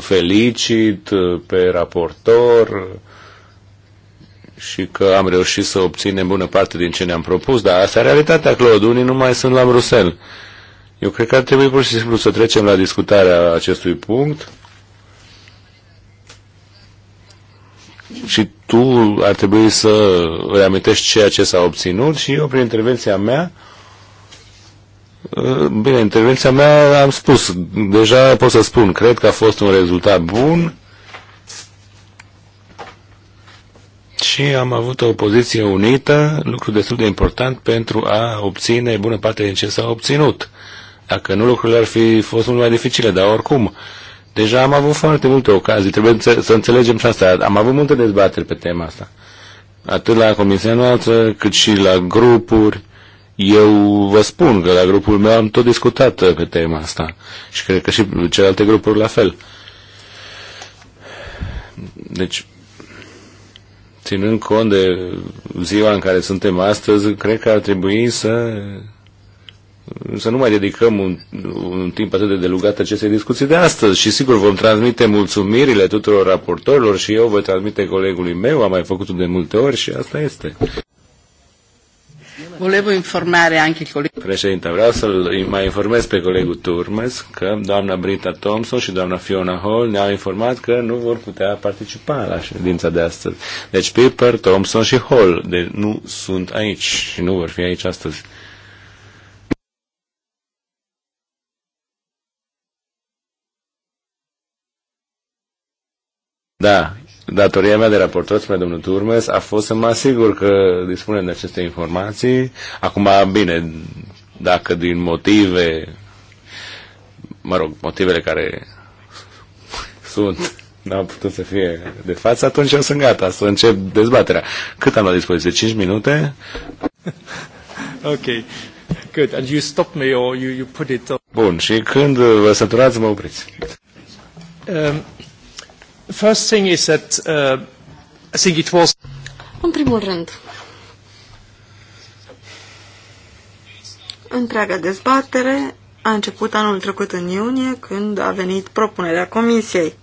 felicit uh, pe raportor și că am reușit să obținem bună parte din ce ne-am propus, dar asta e realitatea, Claude, unii nu mai sunt la Bruxelles. Eu cred că ar trebui pur și simplu să trecem la discutarea acestui punct și tu ar trebui să reamintești ceea ce s-a obținut și eu prin intervenția mea uh, Bine, intervenția mea am spus, deja pot să spun, cred că a fost un rezultat bun și am avut o poziție unită, lucru destul de important pentru a obține bună parte din ce s-a obținut. Dacă nu, lucrurile ar fi fost mult mai dificile, dar oricum, uh, Deja am avut foarte multe ocazii, trebuie să, să înțelegem și asta. Am avut multe dezbateri pe tema asta. Atât la comisia noastră, cât și la grupuri. Eu vă spun că la grupul meu am tot discutat pe tema asta și cred că și celelalte grupuri la fel. Deci, ținând cont de ziua în care suntem astăzi, cred că ar trebui să să nu mai dedicăm un, un timp atât de delugat acestei discuții de astăzi și sigur vom transmite mulțumirile tuturor raportorilor și eu voi transmite colegului meu, am mai făcut-o de multe ori și asta este. Volevo informare anche Președinte, vreau să-l mai informez pe colegul Turmes că doamna Brita Thompson și doamna Fiona Hall ne-au informat că nu vor putea participa la ședința de astăzi. Deci Piper, Thompson și Hall de, nu sunt aici și nu vor fi aici astăzi. Da, datoria mea de raportor spre domnul Turmes a fost să mă asigur că dispunem de aceste informații. Acum, bine, dacă din motive, mă rog, motivele care sunt, n-au putut să fie de față, atunci eu sunt gata să încep dezbaterea. Cât am la dispoziție? 5 minute? ok. Good. And you stop me or you, you put it up. Bun. Și când vă săturați, mă opriți. Um, First thing is that uh, I think it was. În primul rând, întreaga dezbatere a început anul trecut în iunie, când a venit propunerea comisiei.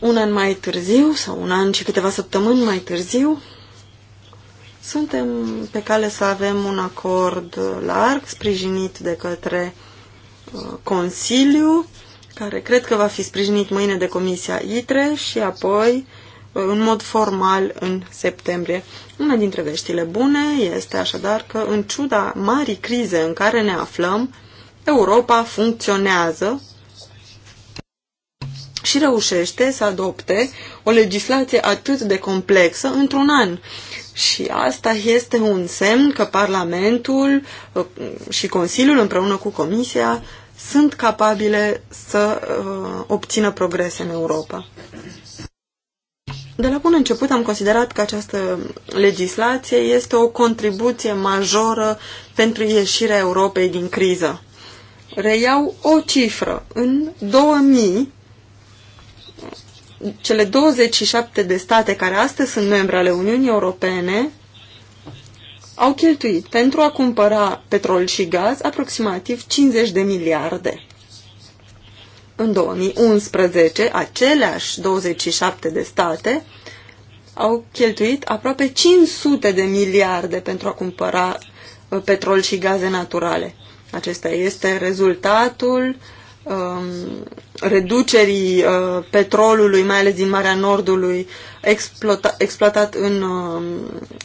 Un an mai târziu, sau un an și câteva săptămâni mai târziu, suntem pe cale să avem un acord larg, sprijinit de către uh, Consiliu, care cred că va fi sprijinit mâine de Comisia ITRE și apoi uh, în mod formal în septembrie. Una dintre veștile bune este așadar că, în ciuda marii crize în care ne aflăm, Europa funcționează și reușește să adopte o legislație atât de complexă într-un an. Și asta este un semn că Parlamentul uh, și Consiliul împreună cu Comisia sunt capabile să uh, obțină progrese în Europa. De la bun început am considerat că această legislație este o contribuție majoră pentru ieșirea Europei din criză. Reiau o cifră. În 2000, cele 27 de state care astăzi sunt membre ale Uniunii Europene au cheltuit pentru a cumpăra petrol și gaz aproximativ 50 de miliarde. În 2011, aceleași 27 de state au cheltuit aproape 500 de miliarde pentru a cumpăra uh, petrol și gaze naturale. Acesta este rezultatul uh, um, reducerii uh, petrolului, mai ales din Marea Nordului, exploata, exploatat în, uh,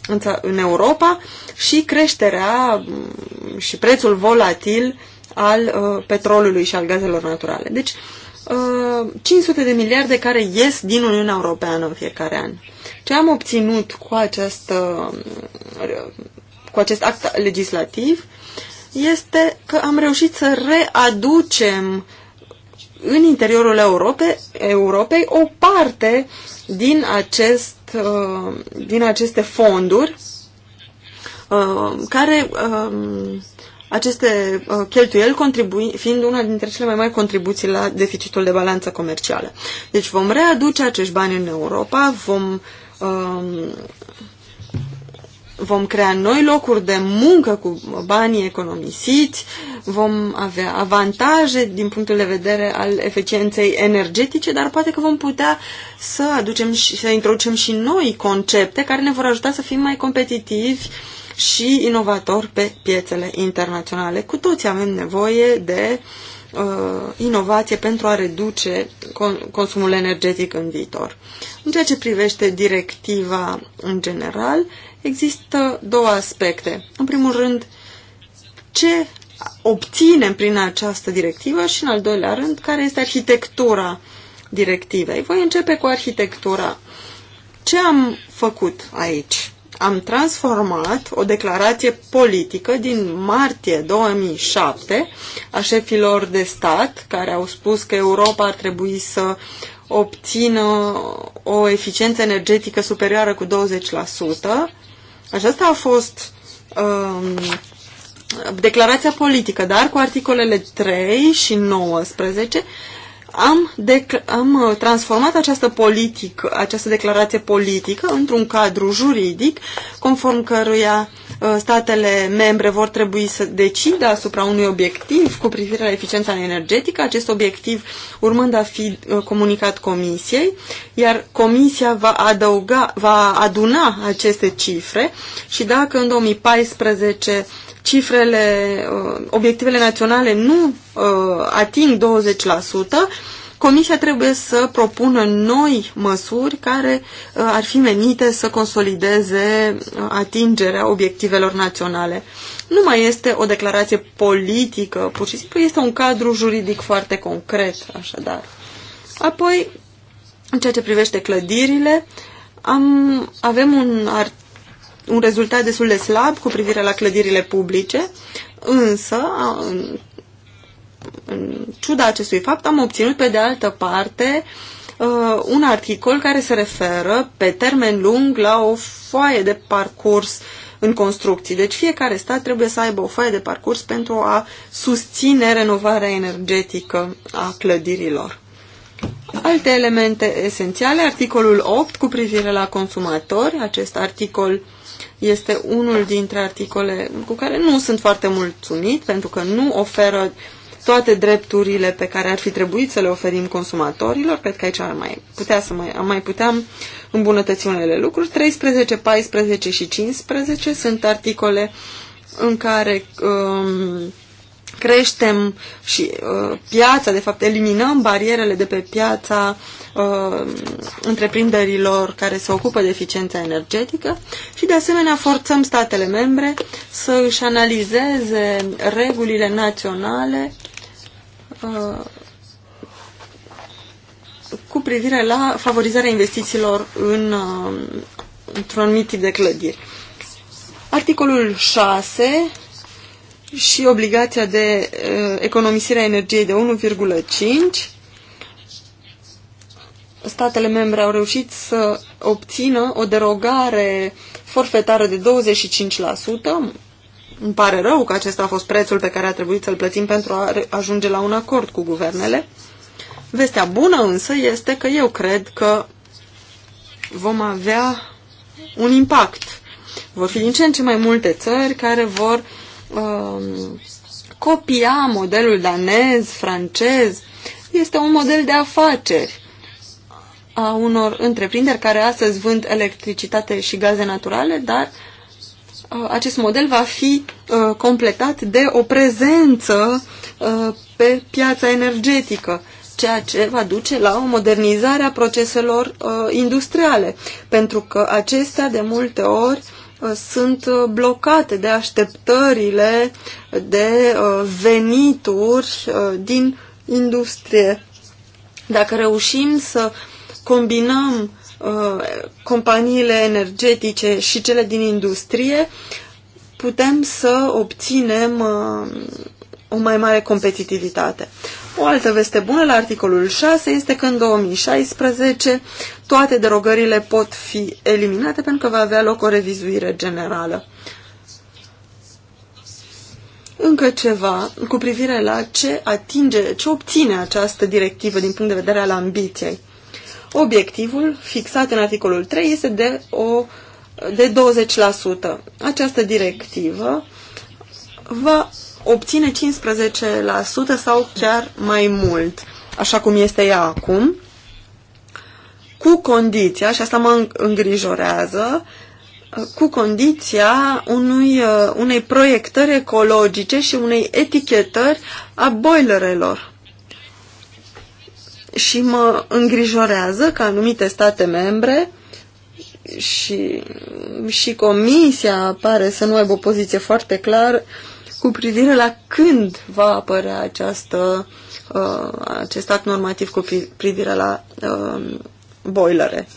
în, în Europa și creșterea um, și prețul volatil al uh, petrolului și al gazelor naturale. Deci, uh, 500 de miliarde care ies din Uniunea Europeană în fiecare an. Ce am obținut cu, această, um, cu acest act legislativ uh, este că am reușit să readucem în interiorul Europei, Europei o parte din, acest, uh, din aceste fonduri uh, care um, aceste uh, cheltuieli contribui, fiind una dintre cele mai mari contribuții la deficitul de balanță comercială. Deci vom readuce acești bani în Europa, vom um, vom crea noi locuri de muncă cu banii economisiți, vom avea avantaje din punctul de vedere al eficienței energetice, dar poate că vom putea să aducem și să introducem și noi concepte care ne vor ajuta să fim mai competitivi și inovatori pe piețele internaționale. Cu toți avem nevoie de uh, inovație pentru a reduce con- consumul energetic în viitor. În ceea ce privește directiva în general, Există două aspecte. În primul rând, ce obținem prin această directivă și, în al doilea rând, care este arhitectura directivei. Voi începe cu arhitectura. Ce am făcut aici? Am transformat o declarație politică din martie 2007 a șefilor de stat care au spus că Europa ar trebui să obțină o eficiență energetică superioară cu 20%, aceasta a fost um, declarația politică, dar cu articolele 3 și 19 am, am uh, transformat această, politică, această declarație politică într-un cadru juridic conform căruia uh, statele membre vor trebui să decidă asupra unui obiectiv cu privire la eficiența energetică, acest obiectiv urmând a fi uh, comunicat Comisiei, iar Comisia va, adăuga, va aduna aceste cifre și dacă în 2014 cifrele, uh, obiectivele naționale nu uh, ating 20%, Comisia trebuie să propună noi măsuri care uh, ar fi menite să consolideze atingerea obiectivelor naționale. Nu mai este o declarație politică, pur și simplu este un cadru juridic foarte concret, așadar. Apoi, în ceea ce privește clădirile, am, avem un articol un rezultat destul de slab cu privire la clădirile publice, însă, în, în ciuda acestui fapt, am obținut pe de altă parte uh, un articol care se referă pe termen lung la o foaie de parcurs în construcții. Deci fiecare stat trebuie să aibă o foaie de parcurs pentru a susține renovarea energetică a clădirilor. Alte elemente esențiale, articolul 8 cu privire la consumatori, acest articol este unul dintre articole cu care nu sunt foarte mulțumit, pentru că nu oferă toate drepturile pe care ar fi trebuit să le oferim consumatorilor. Cred că aici am mai putea să mai, am mai puteam îmbunătăți unele lucruri. 13, 14 și 15 sunt articole în care um, creștem și uh, piața, de fapt eliminăm barierele de pe piața uh, întreprinderilor care se ocupă de eficiența energetică și de asemenea forțăm statele membre să își analizeze regulile naționale uh, cu privire la favorizarea investițiilor în, uh, într-un anumit tip de clădiri. Articolul 6 și obligația de uh, economisire a energiei de 1,5. Statele membre au reușit să obțină o derogare forfetară de 25%. Îmi pare rău că acesta a fost prețul pe care a trebuit să-l plătim pentru a ajunge la un acord cu guvernele. Vestea bună însă este că eu cred că vom avea un impact. Vor fi din ce în ce mai multe țări care vor uh, Um, copia modelul danez, francez. Este un model de afaceri a unor întreprinderi care astăzi vând electricitate și gaze naturale, dar uh, acest model va fi uh, completat de o prezență uh, pe piața energetică ceea ce va duce la o modernizare a proceselor industriale, pentru că acestea de multe ori Uh, sunt uh, blocate de așteptările de uh, venituri din industrie. Dacă reușim să combinăm companiile energetice și cele din industrie, putem să obținem o mai mare competitivitate. O altă veste bună la articolul 6 este că în 2016 toate derogările pot fi eliminate pentru că va avea loc o revizuire generală. Încă ceva cu privire la ce atinge, ce obține această directivă din punct de vedere al ambiției. Obiectivul fixat în articolul 3 este de, o, de 20%. Această directivă va obține 15% sau chiar mai mult, așa cum este ea acum, cu condiția, și asta mă îngrijorează, cu condiția unui, uh, unei proiectări ecologice și unei etichetări a boilerelor. Și mă îngrijorează că anumite state membre și, și Comisia pare să nu aibă o poziție foarte clară cu privire la când va apărea această, uh, acest act normativ cu privire la uh, boilere.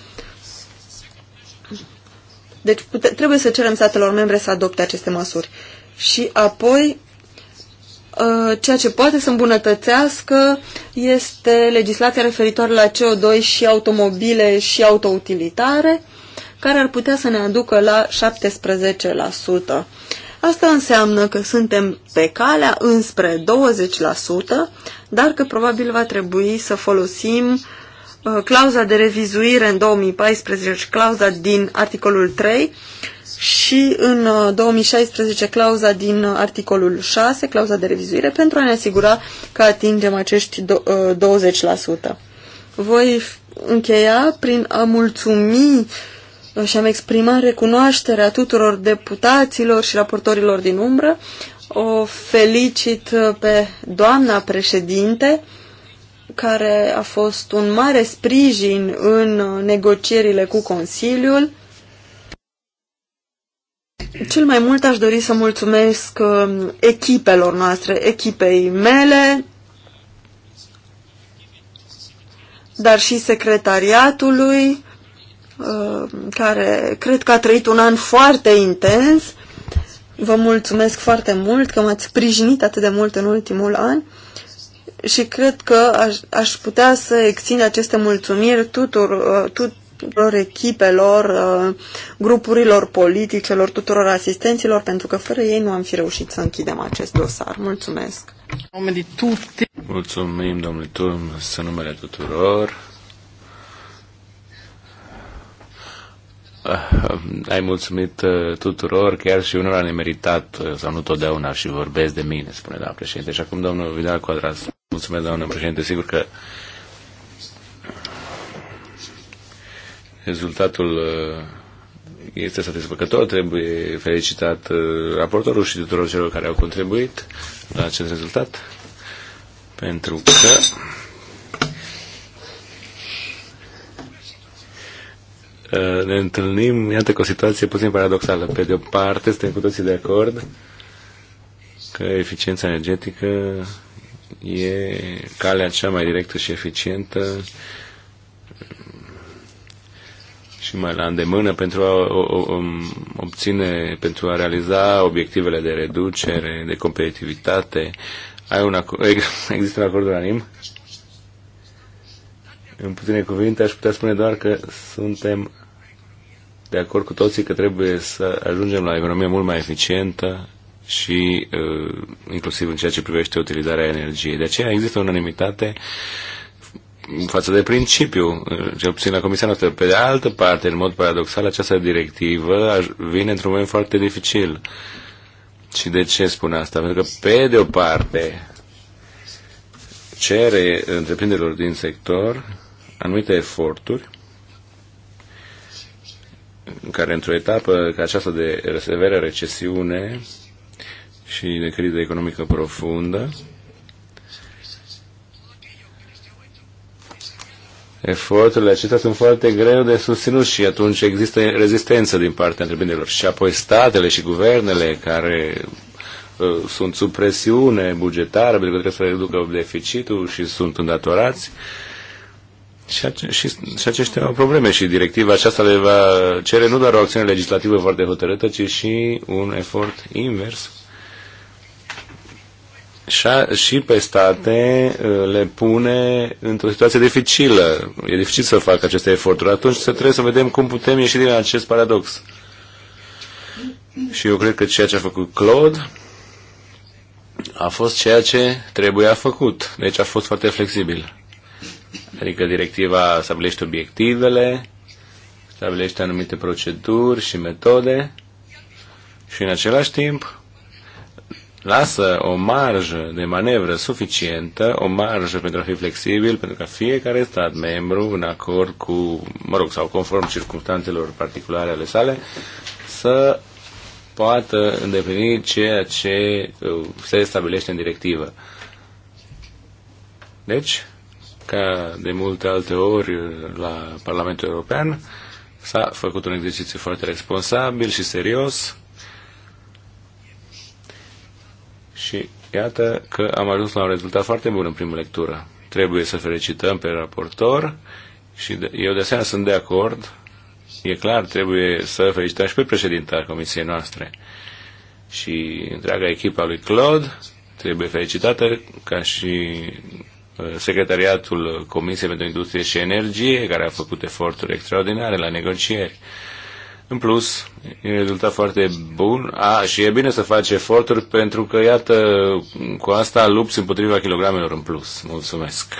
Deci pute, trebuie să cerem statelor membre să adopte aceste măsuri. Și apoi, uh, ceea ce poate să îmbunătățească este legislația referitoare la CO2 și automobile și autoutilitare, care ar putea să ne aducă la 17%. Asta înseamnă că suntem pe calea înspre 20%, dar că probabil va trebui să folosim uh, clauza de revizuire în 2014, clauza din articolul 3 și în 2016 uh, clauza din articolul 6, clauza de revizuire, pentru a ne asigura că atingem acești 20%. Uh, Voi încheia prin a mulțumi uh, și am exprimat recunoașterea tuturor deputaților și raportorilor din umbră. O felicit pe doamna președinte, care a fost un mare sprijin în negocierile cu Consiliul. Cel mai mult aș dori să mulțumesc um, echipelor noastre, echipei mele, dar și secretariatului, Uh, care cred că a trăit un an foarte intens. Vă mulțumesc foarte mult că m-ați sprijinit atât de mult în ultimul an și cred că aș, aș putea să extind aceste mulțumiri tuturor, uh, tuturor echipelor, uh, grupurilor politicelor, tuturor asistenților, pentru că fără ei nu am fi reușit să închidem acest dosar. Mulțumesc! Mulțumim, domnule Turm, să numele tuturor! Eh, ai mulțumit eh, tuturor, chiar și unora nemeritat, eh, sau nu totdeauna, și vorbesc de mine, spune doamna președinte. Și acum domnul Vidal Quadras. Mulțumesc, doamna președinte. Sigur că rezultatul este satisfăcător, trebuie felicitat raportorul și tuturor celor care au contribuit la acest rezultat, pentru că Eh, ne întâlnim, iată, cu o situație puțin paradoxală. Pe de o parte, suntem cu toții de acord că eficiența energetică e calea cea mai directă și eficientă și mai la îndemână pentru a obține, pentru a realiza obiectivele de reducere, de competitivitate. Ai un acord, (laughs) există un acord unanim? În puține cuvinte aș putea spune doar că suntem de acord cu toții că trebuie să ajungem la economie mult mai eficientă și uh, inclusiv în ceea ce privește utilizarea energiei. De aceea există unanimitate față de principiu, uh, cel puțin la Comisia noastră. Pe de altă parte, în mod paradoxal, această directivă vine într-un moment foarte dificil. Și de ce spun asta? Pentru că, pe de o parte, cere întreprinderilor din sector anumite eforturi care într-o etapă ca aceasta de severă recesiune și de criză economică profundă, eforturile acestea sunt foarte greu de susținut și atunci există rezistență din partea întreprinderilor. Și apoi statele și guvernele care uh, sunt sub presiune bugetară pentru că trebuie să reducă deficitul și sunt îndatorați, uh, și, ace- și, și aceștia au probleme și directiva aceasta le va cere nu doar o acțiune legislativă foarte hotărâtă, ci și un efort invers. Și, a, și pe state uh, le pune într-o situație dificilă. E dificil să facă aceste eforturi. Atunci să trebuie să vedem cum putem ieși din acest paradox. Și eu cred că ceea ce a făcut Claude a fost ceea ce trebuia făcut. Deci a fost foarte flexibil. Adică directiva stabilește obiectivele, stabilește anumite proceduri și metode și în același timp lasă o marjă de manevră suficientă, o marjă pentru a fi flexibil, pentru ca fiecare stat membru, în acord cu, mă rog, sau conform circunstanțelor particulare ale sale, să poată îndeplini ceea ce uh, se stabilește în directivă. Deci, ca de multe alte ori la Parlamentul European, s-a făcut un exercițiu foarte responsabil și serios și iată că am ajuns la un rezultat foarte bun în primă lectură. Trebuie să felicităm pe raportor și de, eu de asemenea sunt de acord. E clar, trebuie să felicităm și pe președinta comisiei noastre și întreaga echipa lui Claude trebuie felicitată ca și Secretariatul Comisiei pentru Industrie și Energie, care a făcut eforturi extraordinare la negocieri. În plus, e un rezultat foarte bun a, și e bine să faci eforturi pentru că, iată, cu asta lupți împotriva kilogramelor în plus. Mulțumesc!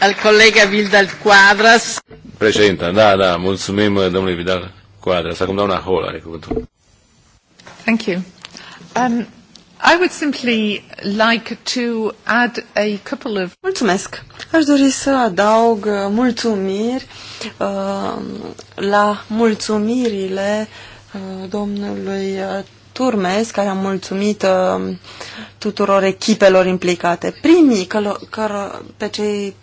Al colega Vidal Quadras. Președinta, da, da, mulțumim uh, domnului Vidal Quadras. Acum doamna Hall are cuvântul. Thank you. Um, I would simply like to add a couple of... Mulțumesc! Aș dori să adaug uh, mulțumiri uh, la mulțumirile uh, domnului uh, Turmes, care a mulțumit uh, tuturor echipelor implicate. Primii, călo, căro, pe cei,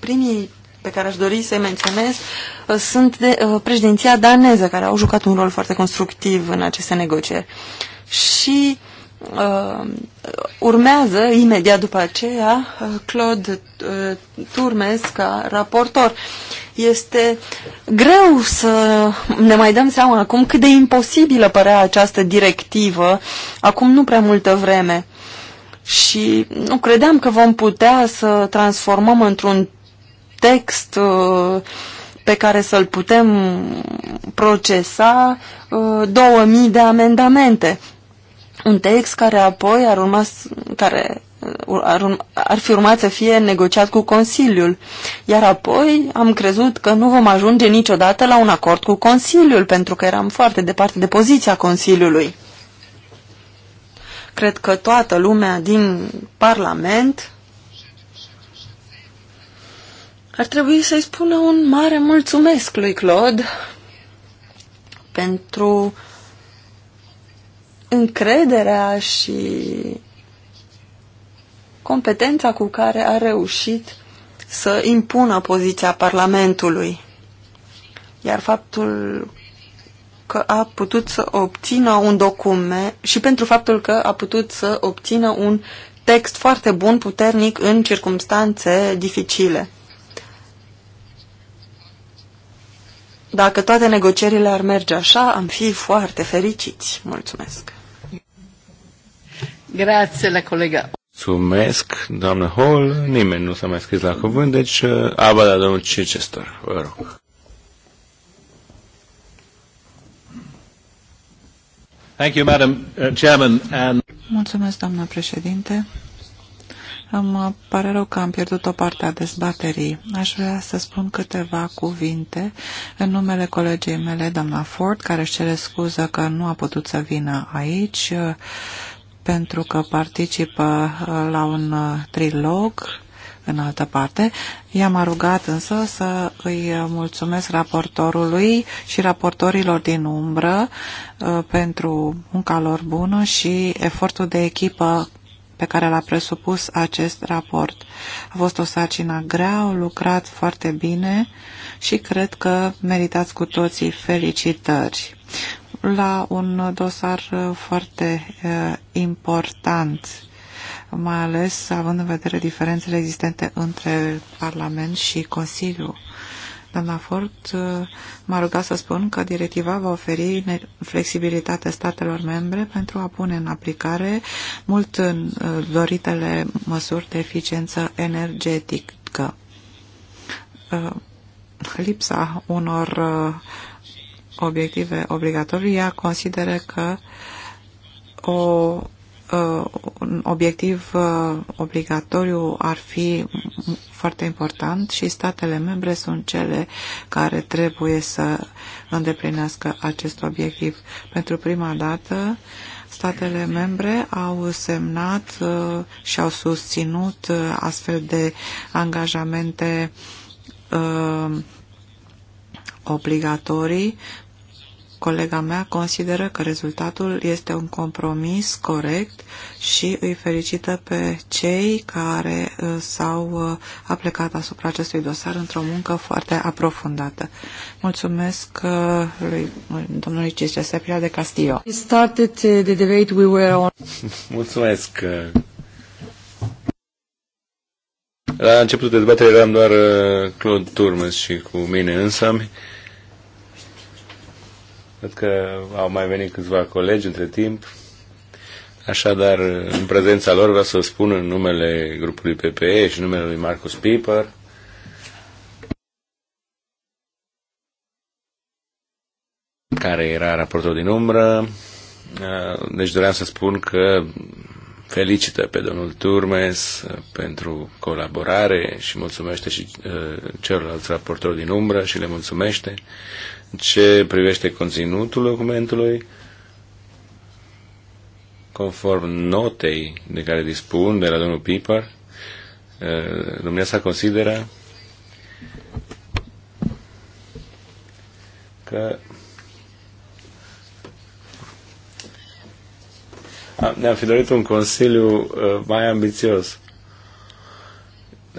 primii pe care aș dori să-i menționez uh, sunt de uh, președinția daneză, care au jucat un rol foarte constructiv în aceste negocieri. Și uh, urmează imediat după aceea uh, Claude uh, Turmes ca raportor. Este greu să ne mai dăm seama acum cât de imposibilă părea această directivă acum nu prea multă vreme. Și nu credeam că vom putea să transformăm într-un text uh, pe care să-l putem procesa uh, 2000 de amendamente un text care apoi ar, urma, care uh, ar, ar fi urmat să fie negociat cu Consiliul. Iar apoi am crezut că nu vom ajunge niciodată la un acord cu Consiliul, pentru că eram foarte departe de poziția Consiliului. Cred că toată lumea din Parlament ar trebui să-i spună un mare mulțumesc lui Claude pentru uh, încrederea și competența cu care a reușit să impună poziția Parlamentului. Iar faptul că a putut să obțină un document și pentru faptul că a putut să obțină un text foarte bun, puternic, în circumstanțe dificile. Dacă toate negocierile ar merge așa, am fi foarte fericiți. Mulțumesc! Grazie la colega. Mulțumesc, doamnă Hall. Nimeni nu s-a mai scris la cuvânt, deci uh, aba la domnul Chichester, vă rog. Thank you, Madam uh, Chairman. And... Mulțumesc, doamnă președinte. Îmi uh, pare rău că am pierdut o parte a dezbaterii. Aș vrea să spun câteva cuvinte în numele colegei mele, doamna Ford, care își cere scuză că nu a putut să vină aici pentru că participă uh, la un uh, trilog în altă parte. I-am rugat însă să îi uh, mulțumesc raportorului și raportorilor din umbră pentru munca lor bună și efortul de echipă pe care l-a presupus acest raport. A fost o sarcină grea, au lucrat foarte bine și cred că meritați cu toții felicitări la un dosar uh, foarte uh, important, mai ales având în vedere diferențele existente între Parlament și Consiliu. Doamna Ford uh, m-a rugat să spun că directiva va oferi flexibilitate statelor membre pentru a pune în aplicare mult doritele măsuri de eficiență energetică. Lipsa unor uh, obiective obligatorii, ea consideră că o, ă, un obiectiv ă, obligatoriu ar fi foarte important și statele membre sunt cele care trebuie să îndeplinească acest obiectiv. Pentru prima dată, statele membre au semnat ă, și au susținut astfel de angajamente obligatorii Colega mea consideră că rezultatul este un compromis corect și îi felicită pe cei care uh, s-au uh, aplicat asupra acestui dosar într-o muncă foarte aprofundată. Mulțumesc uh, lui domnului Cisce Sepia de Castillo. (laughs) Mulțumesc. La începutul dezbaterii eram doar Claude Turmes și cu mine însămi. Văd că au mai venit câțiva colegi între timp. Așadar, în prezența lor vreau să spun în numele grupului PPE și numele lui Marcus Piper care era raportor din umbră. Deci doream să spun că felicită pe domnul Turmes uh, pentru colaborare și mulțumește și uh, celorlalți raportori din umbră și le mulțumește. Ce privește conținutul documentului, conform notei de care dispun de la domnul Piper, uh, dumneavoastră consideră că ne-am fi dorit un Consiliu uh, mai ambițios.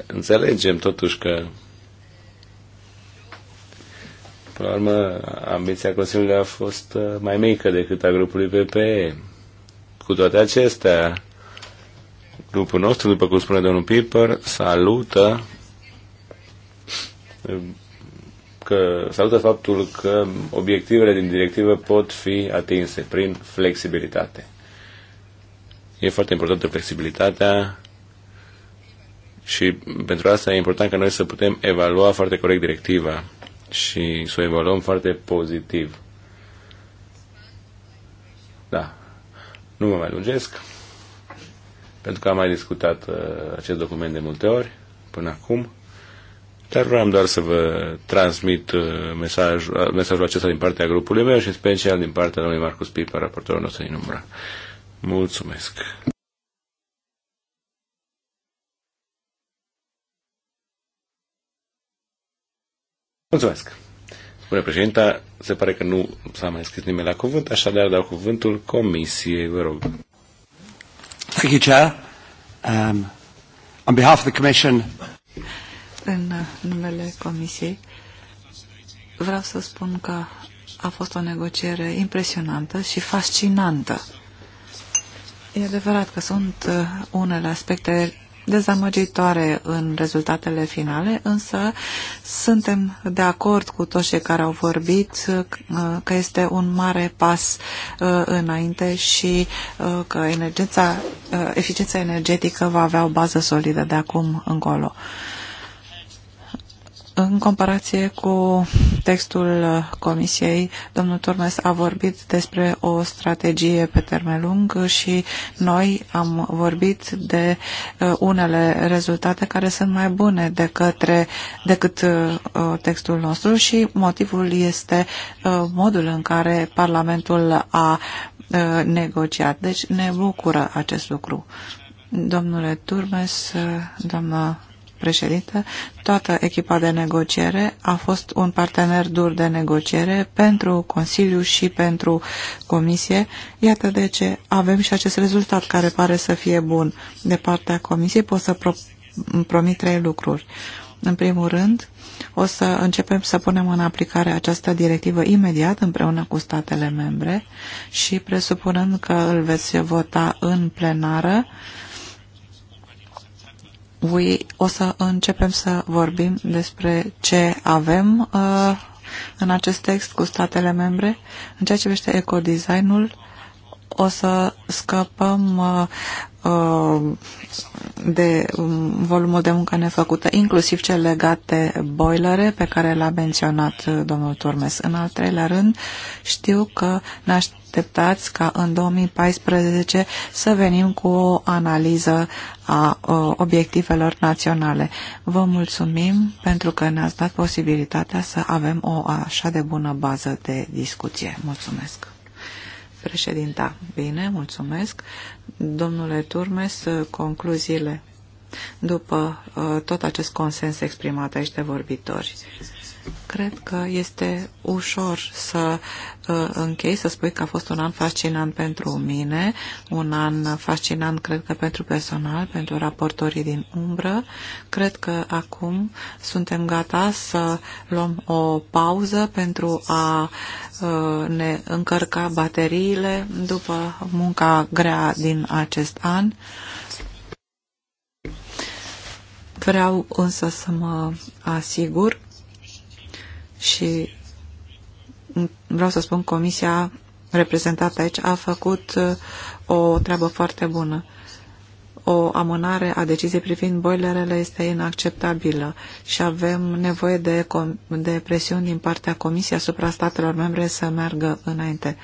Înțelegem totuși că Până la urmă, ambiția Consiliului a fost uh, mai mică decât a grupului PPE. Cu toate acestea, grupul nostru, după cum spune domnul Piper, salută că salută faptul că obiectivele din directivă pot fi atinse prin flexibilitate. E foarte importantă flexibilitatea și pentru asta e important ca noi să putem evalua foarte corect directiva și să o evaluăm foarte pozitiv. Da. Nu mă mai lungesc, pentru că am mai discutat uh, acest document de multe ori până acum, dar vreau doar să vă transmit uh, mesajul, uh, mesajul acesta din partea grupului meu și în special din partea domnului Marcus Pipa, raportorul nostru din umbră. Mulțumesc! Mulțumesc! Spune președinta, se pare că nu s-a mai scris nimeni la cuvânt, așadar dau cuvântul comisiei, vă rog. Thank you, Chair. Um, on behalf of the Commission... În numele comisiei vreau să spun că a fost o negociere impresionantă și fascinantă. E adevărat că sunt uh, unele aspecte dezamăgitoare în rezultatele finale, însă suntem de acord cu toți cei care au vorbit uh, că este un mare pas uh, înainte și că energeța, eficiența energetică va avea o bază solidă de acum încolo. În comparație cu textul Comisiei, domnul Turmes a vorbit despre o strategie pe termen lung și noi am vorbit de uh, unele rezultate care sunt mai bune de către, decât uh, textul nostru și motivul este uh, modul în care Parlamentul a negociat. Deci ne bucură acest lucru. Domnule Turmes, doamna președinte, toată echipa de negociere a fost un partener dur de negociere pentru Consiliu și pentru Comisie. Iată de ce avem și acest rezultat care pare să fie bun. De partea Comisiei pot să pro promit trei lucruri. În primul rând, o să începem să punem în aplicare această directivă imediat împreună cu statele membre și presupunând că îl veți vota în plenară, uh, voi o să începem să vorbim despre ce avem uh, în acest text cu statele membre. În ceea ce privește ecodesignul, o să scăpăm uh, uh, de um, volumul de muncă nefăcută, inclusiv cel legat de boilere pe care l-a menționat uh, domnul Turmes. În al treilea rând, știu că ne, aș, așteptați ca în 2014 să venim cu o analiză a uh, obiectivelor naționale. Vă mulțumim pentru că ne-ați dat posibilitatea să avem o așa de bună bază de discuție. Mulțumesc. Președinta, bine, mulțumesc. Domnule Turmes, concluziile după uh, tot acest consens exprimat aici de vorbitori. Cred că este ușor să uh, închei, să spui că a fost un an fascinant pentru mine, un an fascinant, cred că, pentru personal, pentru raportorii din umbră. Cred că acum suntem gata să luăm o pauză pentru a uh, ne încărca bateriile după munca grea din acest an. Vreau însă să mă asigur și vreau să spun, comisia reprezentată aici a făcut uh, o treabă foarte bună. O amânare a deciziei privind boilerele este inacceptabilă și avem nevoie de, de presiuni din partea comisiei asupra statelor membre să meargă înainte.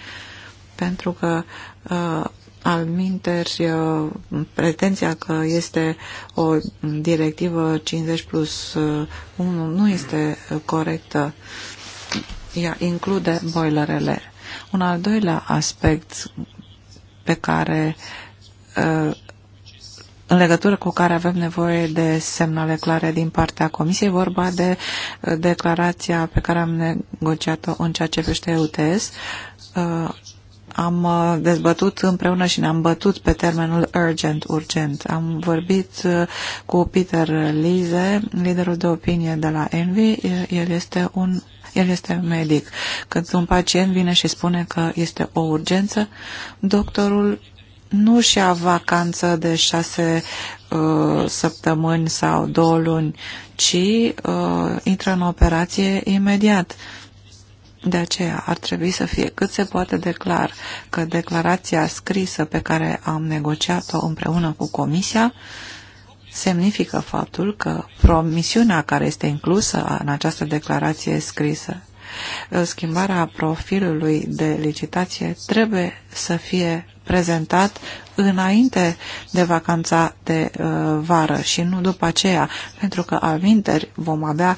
Pentru că uh, al minteri, uh, pretenția că este o directivă 50 plus 1 uh, nu este corectă. Ea include boilerele. Un al doilea aspect pe care uh, în legătură cu care avem nevoie de semnale clare din partea Comisiei, vorba de declarația pe care am negociat-o în ceea ce privește UTS am uh, dezbătut împreună și ne-am bătut pe termenul urgent, urgent. Am vorbit uh, cu Peter Lize, liderul de opinie de la Envy. El este un el este medic. Când un pacient vine și spune că este o urgență, doctorul nu și a vacanță de șase uh, săptămâni sau două luni, ci uh, intră în operație imediat. Uh, de aceea ar trebui să fie cât se poate de clar că declarația scrisă pe care am negociat-o împreună cu Comisia semnifică faptul că promisiunea care este inclusă în această declarație scrisă, schimbarea profilului de licitație trebuie să fie prezentat înainte de vacanța de uh, vară și nu după aceea, pentru că al vom avea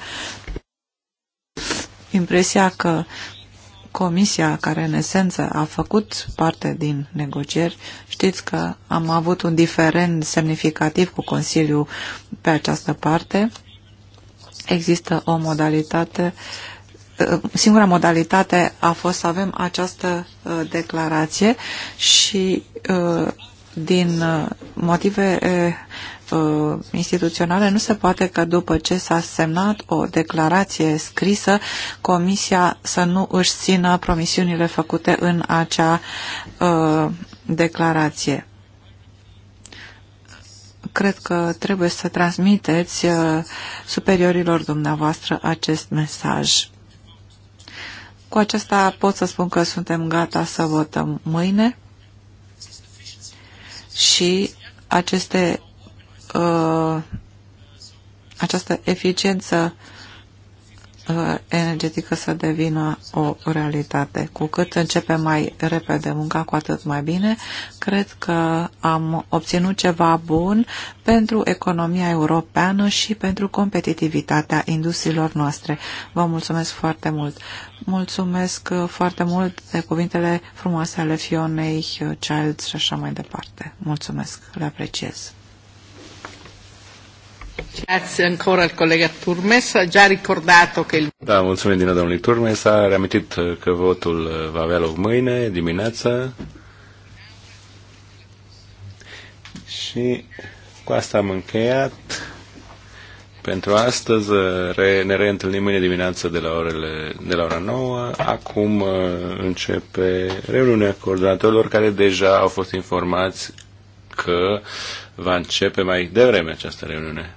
impresia că comisia care în esență a făcut parte din negocieri, știți că am avut un diferent semnificativ cu Consiliul pe această parte. Există o modalitate, uh, singura modalitate a fost să avem această uh, declarație și uh, din motive uh, instituționale, nu se poate că după ce s-a semnat o declarație scrisă, Comisia să nu își țină promisiunile făcute în acea uh, declarație. Cred că trebuie să transmiteți uh, superiorilor dumneavoastră acest mesaj. Cu acesta pot să spun că suntem gata să votăm mâine și aceste uh, această eficiență uh, energetică să devină o realitate. Cu cât începe mai repede munca, cu atât mai bine. Cred că am obținut ceva bun pentru economia europeană și pentru competitivitatea industriilor noastre. Vă mulțumesc foarte mult. Mulțumesc uh, foarte mult de cuvintele frumoase ale Fionei, Childs și așa mai departe. Mulțumesc, le apreciez. Grazie ancora al collega Turmes, ha già ricordato che il... Da, mulțumim din nou domnului Turmes, a reamintit că votul va avea loc mâine dimineață. Și cu asta am încheiat. Pentru astăzi re, ne reîntâlnim mâine dimineață de la, orele, de la ora 9. Acum uh, începe reuniunea coordonatorilor care deja au fost informați că va începe mai devreme această reuniune.